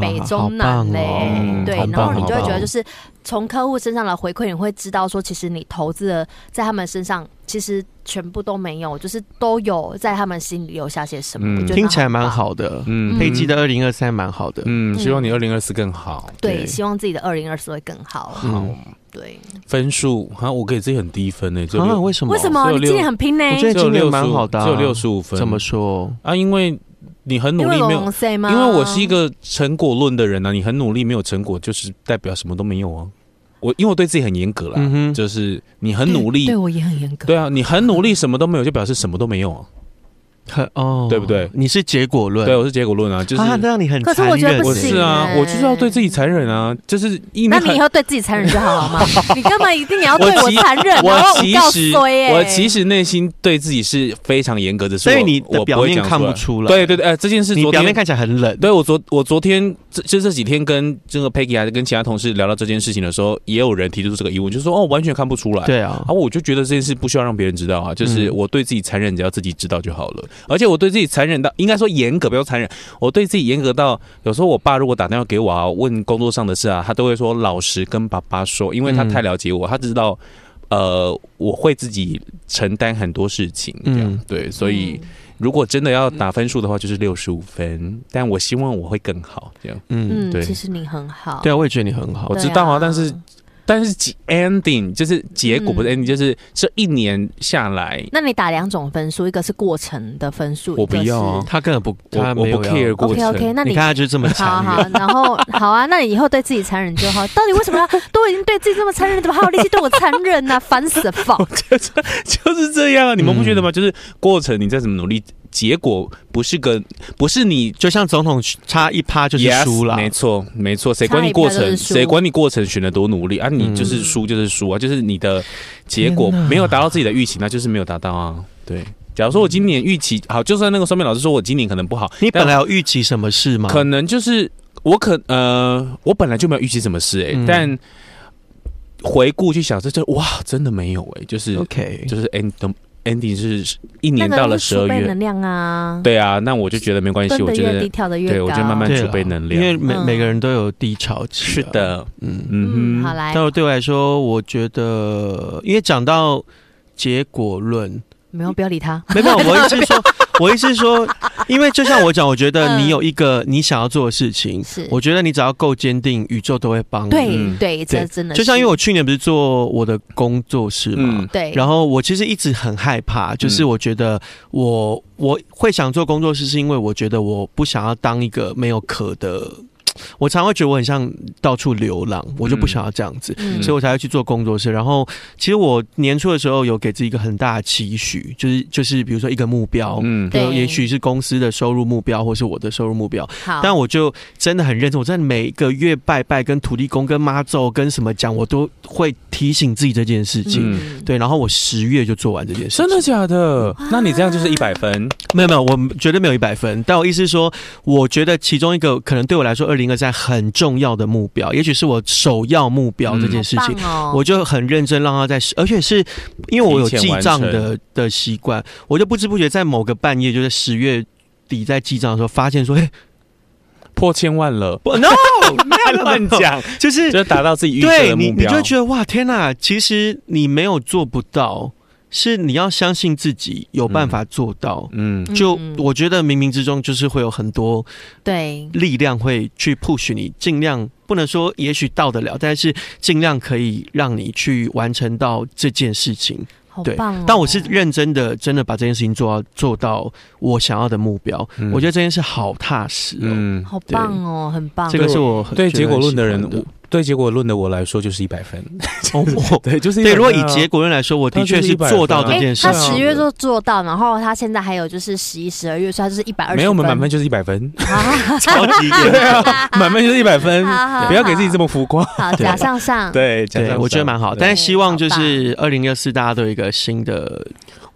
[SPEAKER 2] 北中南嘞，哦、對，然後你就會覺得就是從客戶身上來回饋，你會知道說，其實你投資的在他們身上，其實全部都沒有，就是都有在他們心裡留下些什麼。嗯、覺得聽起來蠻好
[SPEAKER 1] 的，嗯，珮姬的二零二三蠻好的嗯，嗯，希望你二零二四更好對。對，希
[SPEAKER 2] 望自己的二零二四會更好。
[SPEAKER 1] 好、嗯嗯，對，分數，像、啊、我給自己很低分嘞、欸啊，為什麼？為什麼？6, 你今年很拼呢？我覺得你今年蠻好的、啊，只有六十五分，怎麼說啊？因為。你很努力沒有？因為我是一個成果論的人吶、啊。你很努力沒有成果，就是代表什麼都沒有啊。我因為我對自己很嚴格啦，就是你很努力，對我也很嚴格。對啊，你很努力什麼都沒有，就表示什麼都沒有啊。很哦，對不對？你是結果論，對，我是結果論啊，就是讓、啊、你很殘忍、欸。可是我覺得不、欸、是。啊，我就是要對自己殘忍啊，就是一。那你以
[SPEAKER 2] 後對自己殘忍就好了嘛， <laughs> <laughs> 你幹嘛一定要對我殘忍？我其實，我其
[SPEAKER 1] 實內、 <laughs> 欸、心對自己是非常嚴格的，所以你我表面我不看不出來。對對對，哎、這件事昨天你表面看起來很冷。對我昨我昨天這這這幾天跟這個 Peggy 還是跟其他同事聊到這件事情的時候，也有人提出這個疑問，就是說哦，完全看不出來。對啊，然、啊、後我就覺得這件事不需要讓別人知道啊，就是、嗯、我對自己殘忍，只要自己知道就好了。而且我對自己殘忍到，應該說嚴格，不要殘忍。我對自己嚴格到，有時候我爸如果打電話給我啊，問工作上的事啊，他都會說，老實跟爸爸說，因為他太了解我，他知道，呃，我會自己承擔很多事情這樣。嗯、對，所以、嗯、如果真的要打分數的話，就是六十五分。但我希望我會更好這樣。嗯，對，嗯、其實你很好。對啊，我也覺得你很好。我知道啊，啊但是。但是結 ending 就是結果不是 ending 就是這一年下來，嗯、
[SPEAKER 2] 那你打兩種分數，一個是過程的分數，我不要、
[SPEAKER 1] 啊，他根本不，我他我不 care 過程。OK OK，那你，你看他就這麼殘
[SPEAKER 2] 忍好，好，然後好啊，那你以後對自己殘忍就好。 <laughs> 到底為什麼要都已經對自己這麼殘忍，怎麼還有力氣對我殘忍呢、啊？煩死了，就 <laughs> 是就是這
[SPEAKER 1] 樣啊！你們不覺得嗎？嗯、就是過程，你再怎麼努力。結果不是個，不是你就像總統差一趴就是輸了、yes,，沒錯沒錯，誰管你過程，誰管你過程選了多努力，啊你就是輸就是輸啊、嗯，就是你的結果沒有達到自己的預期、啊，那就是沒有達到啊。對、嗯，假如說我今年預期好，就算那個雙面老師說我今年可能不好，你本來有預期什麼事嗎？可能就是我可呃，我本來就沒有預期什麼事哎、欸嗯，但回顧去想這這哇真的沒有哎、欸，就是 OK，就是哎、欸、你都。Andy 是一年到了十二月，那個、儲備能量啊，對啊，那我就覺得沒關係，我覺得對，我就慢慢儲備能量，因為每、嗯、每個人都有低潮期。是的，嗯嗯，嗯，好來。但是對我來說，我覺得因為講到結果論。
[SPEAKER 2] 沒有，不要理他。 <laughs> 沒有，我意思是說，
[SPEAKER 1] <laughs> 我意思是說，因為就像我講，我覺得你有一個你想要做的事情，是、嗯、我覺得你只要夠堅定，宇宙都會幫你。對、嗯、對，這真的是。就像因為我去年不是做我的工作室嘛，對、嗯，然後我其實一直很害怕，就是我覺得我、嗯、我會想做工作室，是因為我覺得我不想要當一個沒有可的。我常常會覺得我很像到處流浪，我就不想要這樣子，嗯、所以我才會去做工作室。嗯、然後，其實我年初的時候有給自己一個很大的期許，就是就是比如說一個目標，嗯，比如也許是公司的收入目標，或是我的收入目標。好，但我就真的很認真，我在每個月拜拜、跟土地公、跟媽祖、跟什麼講，我都會提醒自己這件事情、嗯。對，然後我十月就做完這件事，真的假的？那你這樣就是一百分？沒有沒有，我絕對沒有一百分。但我意思是說，我覺得其中一個可能對我來說，二零。個在很重要的目標，也許是我首要目標這件事情，嗯哦，我就很認真讓他在，而且是因為我有記賬的的習慣，我就不知不覺在某個半夜，就是十月底在記賬的時候，發現說，哎、欸，破千萬了！不，no，不要亂講、 <laughs> 就是，就是就達到自己預期的目標，對，你，你就會覺得哇，天哪！其實你沒有做不到。是你要相信自己有辦法做到，嗯，就我覺得冥冥之中就是會有很多對力量會去 push 你，盡量不能說也許到得了，但是盡量可以讓你去完成到這件事情。嗯、對好棒、哦！但我是認真的，真的把這件事情做到做到我想要的目標，嗯。我覺得這件事好踏實、哦，嗯，好棒
[SPEAKER 2] 哦，很棒。這個是我對結果論
[SPEAKER 1] 的人。對結果論的我來說就是一百分，哦、對就是一百分對。如果以結果論來說，我的確是做到這件事。他十、啊、月就
[SPEAKER 2] 做到、啊，然後他現在還有就是十一、十二月，所以他就是一百二。沒有，我們滿分就是一百分、啊。超級，的啊啊超級的啊啊對啊，
[SPEAKER 1] 滿分就是一百分好好，不要給自己這麼浮誇。好，假上對對假上對對，我覺得蠻好。但是希望就是二零二四，大家都有一個新的。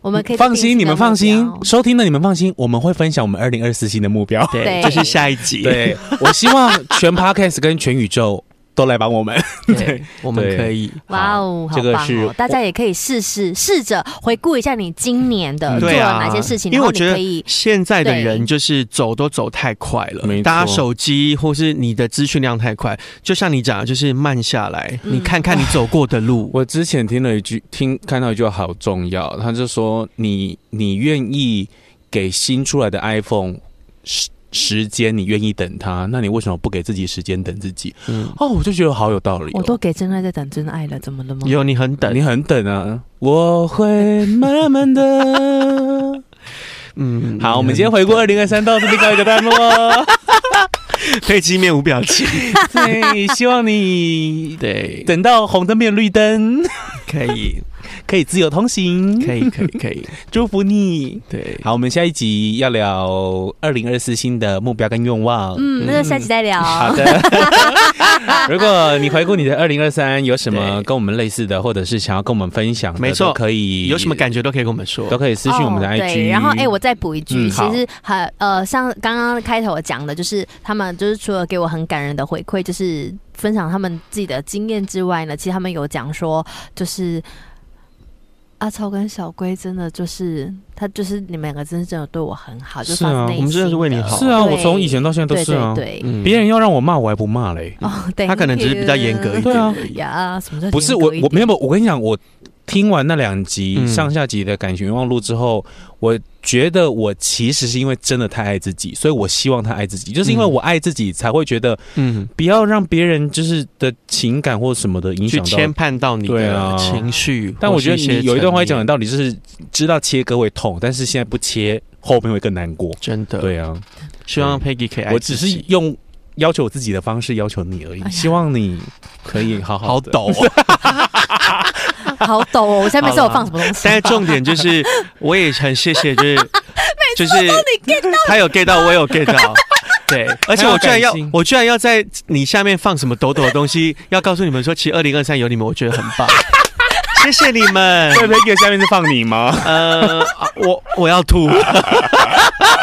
[SPEAKER 2] 我們可以放心，你們放
[SPEAKER 1] 心、哦，收聽的你們放心，我們會分享我們二零二四新的目標對對，就是下一集。對，我希望全 podcast 跟全宇宙。都來幫我們對，對，我們可以。
[SPEAKER 2] 哇哦、wow,，這個是好、哦、大家也可以試試，試着回顧一下你今年的做了哪些事情、啊可以。因為我覺得
[SPEAKER 1] 現在的人就是走都走太快了，搭手機或是你的資訊量太快，就像你講的，就是慢下來、嗯，你看看你走過的路。我之前聽了一句，聽看到一句好重要，他就說你：“你你願意給新出來的 iPhone 是？”時間，你願意等他，那你為什麼不給自己時間等自己？哦、嗯，oh, 我就覺得好有道理、哦。我
[SPEAKER 2] 都給真愛在等真愛了，怎麼了嗎？
[SPEAKER 1] 有你很等，你很等啊。嗯、我會慢慢的。 <laughs> 嗯，好，慢慢我們今天回顧二零二三，到這邊告一個段落哦。 <laughs> <laughs> 珮姬面無表情。 <laughs> 對，希望你對等到紅燈變綠燈，可以。可以自由通行，可以可以可以， <laughs> 祝福你。對，好，我們下一集要聊二零二四新的目標跟願望。嗯，嗯，那就下
[SPEAKER 2] 期再聊。好的。
[SPEAKER 1] <laughs> <laughs> 如果你回顧你的二零二三，有什麼跟我們類似的，或者是想要跟我們分享的？沒錯，可以。有什麼感覺都可以跟我們說，都可以私信我們的 IG、哦、對，然後哎、欸，我再補一句，嗯、其實
[SPEAKER 2] 還呃，像剛剛開頭我講的，就是他們就是除了給我很感人的回饋，就是分享他們自己的經驗之外呢，其實他們有講說就是。阿超跟小龜真的就是他，就是你們兩個真正的對我很好，是啊、就是我們真的是為你好，好。是啊，我從以前到現在都是啊，對，對，對，
[SPEAKER 1] 對，別、嗯、人要讓我罵我還不罵嘞，oh, 對,他可能只是比較嚴格一點對呀、
[SPEAKER 2] 啊，yeah, 什麼都不是我？我沒
[SPEAKER 1] 有我跟你講我。聽完那兩集上下集的感情願望錄之後，我覺得我其實是因為真的太愛自己，所以我希望他愛自己，就是因為我愛自己才會覺得，嗯，不要讓別人就是的情感或什麼的影響牽絆到你的情緒。但我覺得你有一段話講的，道理就是知道切割會痛，但是現在不切，後面會更難過。真的，對啊，希望 Peggy 可以愛。我只是用要求我自己的方式要求你而已，希望你可以好好的好抖，哦。
[SPEAKER 2] <laughs> 好抖哦！我下面是有放什麼東西。但是重點
[SPEAKER 1] 就是，我也很謝謝，就是 <laughs> 就是 out, 他有 get 到，我也有 get 到， <laughs> 對。而且我居然要，我居然要在你下面放什麼抖抖的東西，要告訴你們說，其實二零二三有你們，我覺得很棒， <laughs> 謝謝你們。對，珮姬下面是放你嗎？ <laughs> 呃，我我要吐。 <laughs>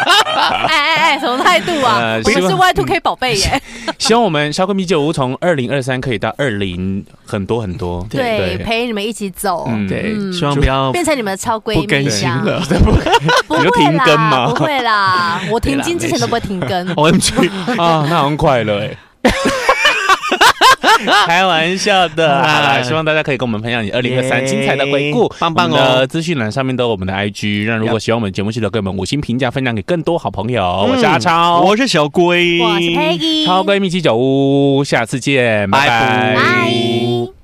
[SPEAKER 2] <laughs> 哎哎哎，什麼態度啊？不、呃、是 Y Two K 寶貝耶、呃希嗯。
[SPEAKER 1] 希望我們超龜蜜姬酒屋從二零二三可以到二零很多很多對。對，陪
[SPEAKER 2] 你們一起走。嗯、對、嗯，
[SPEAKER 1] 希望不要變成
[SPEAKER 2] 你們的超龜蜜姬不更新了，了，不會啦，不不會啦，不，不會啦，我停經之前都不會停更。
[SPEAKER 1] OMG 啊，那很快了、欸。 <laughs> 開玩笑的、啊，希望大家可以跟我們分享你二零二三精彩的回顧，棒棒、哦，我們的資訊欄上面都有我們的 IG，讓如果喜歡我們節目，記得給我們五星評價，分享給更多好朋友。嗯、我是阿超，我是小龜，我是珮姬，超龜蜜姬酒屋，下次見，拜拜。Bye. Bye.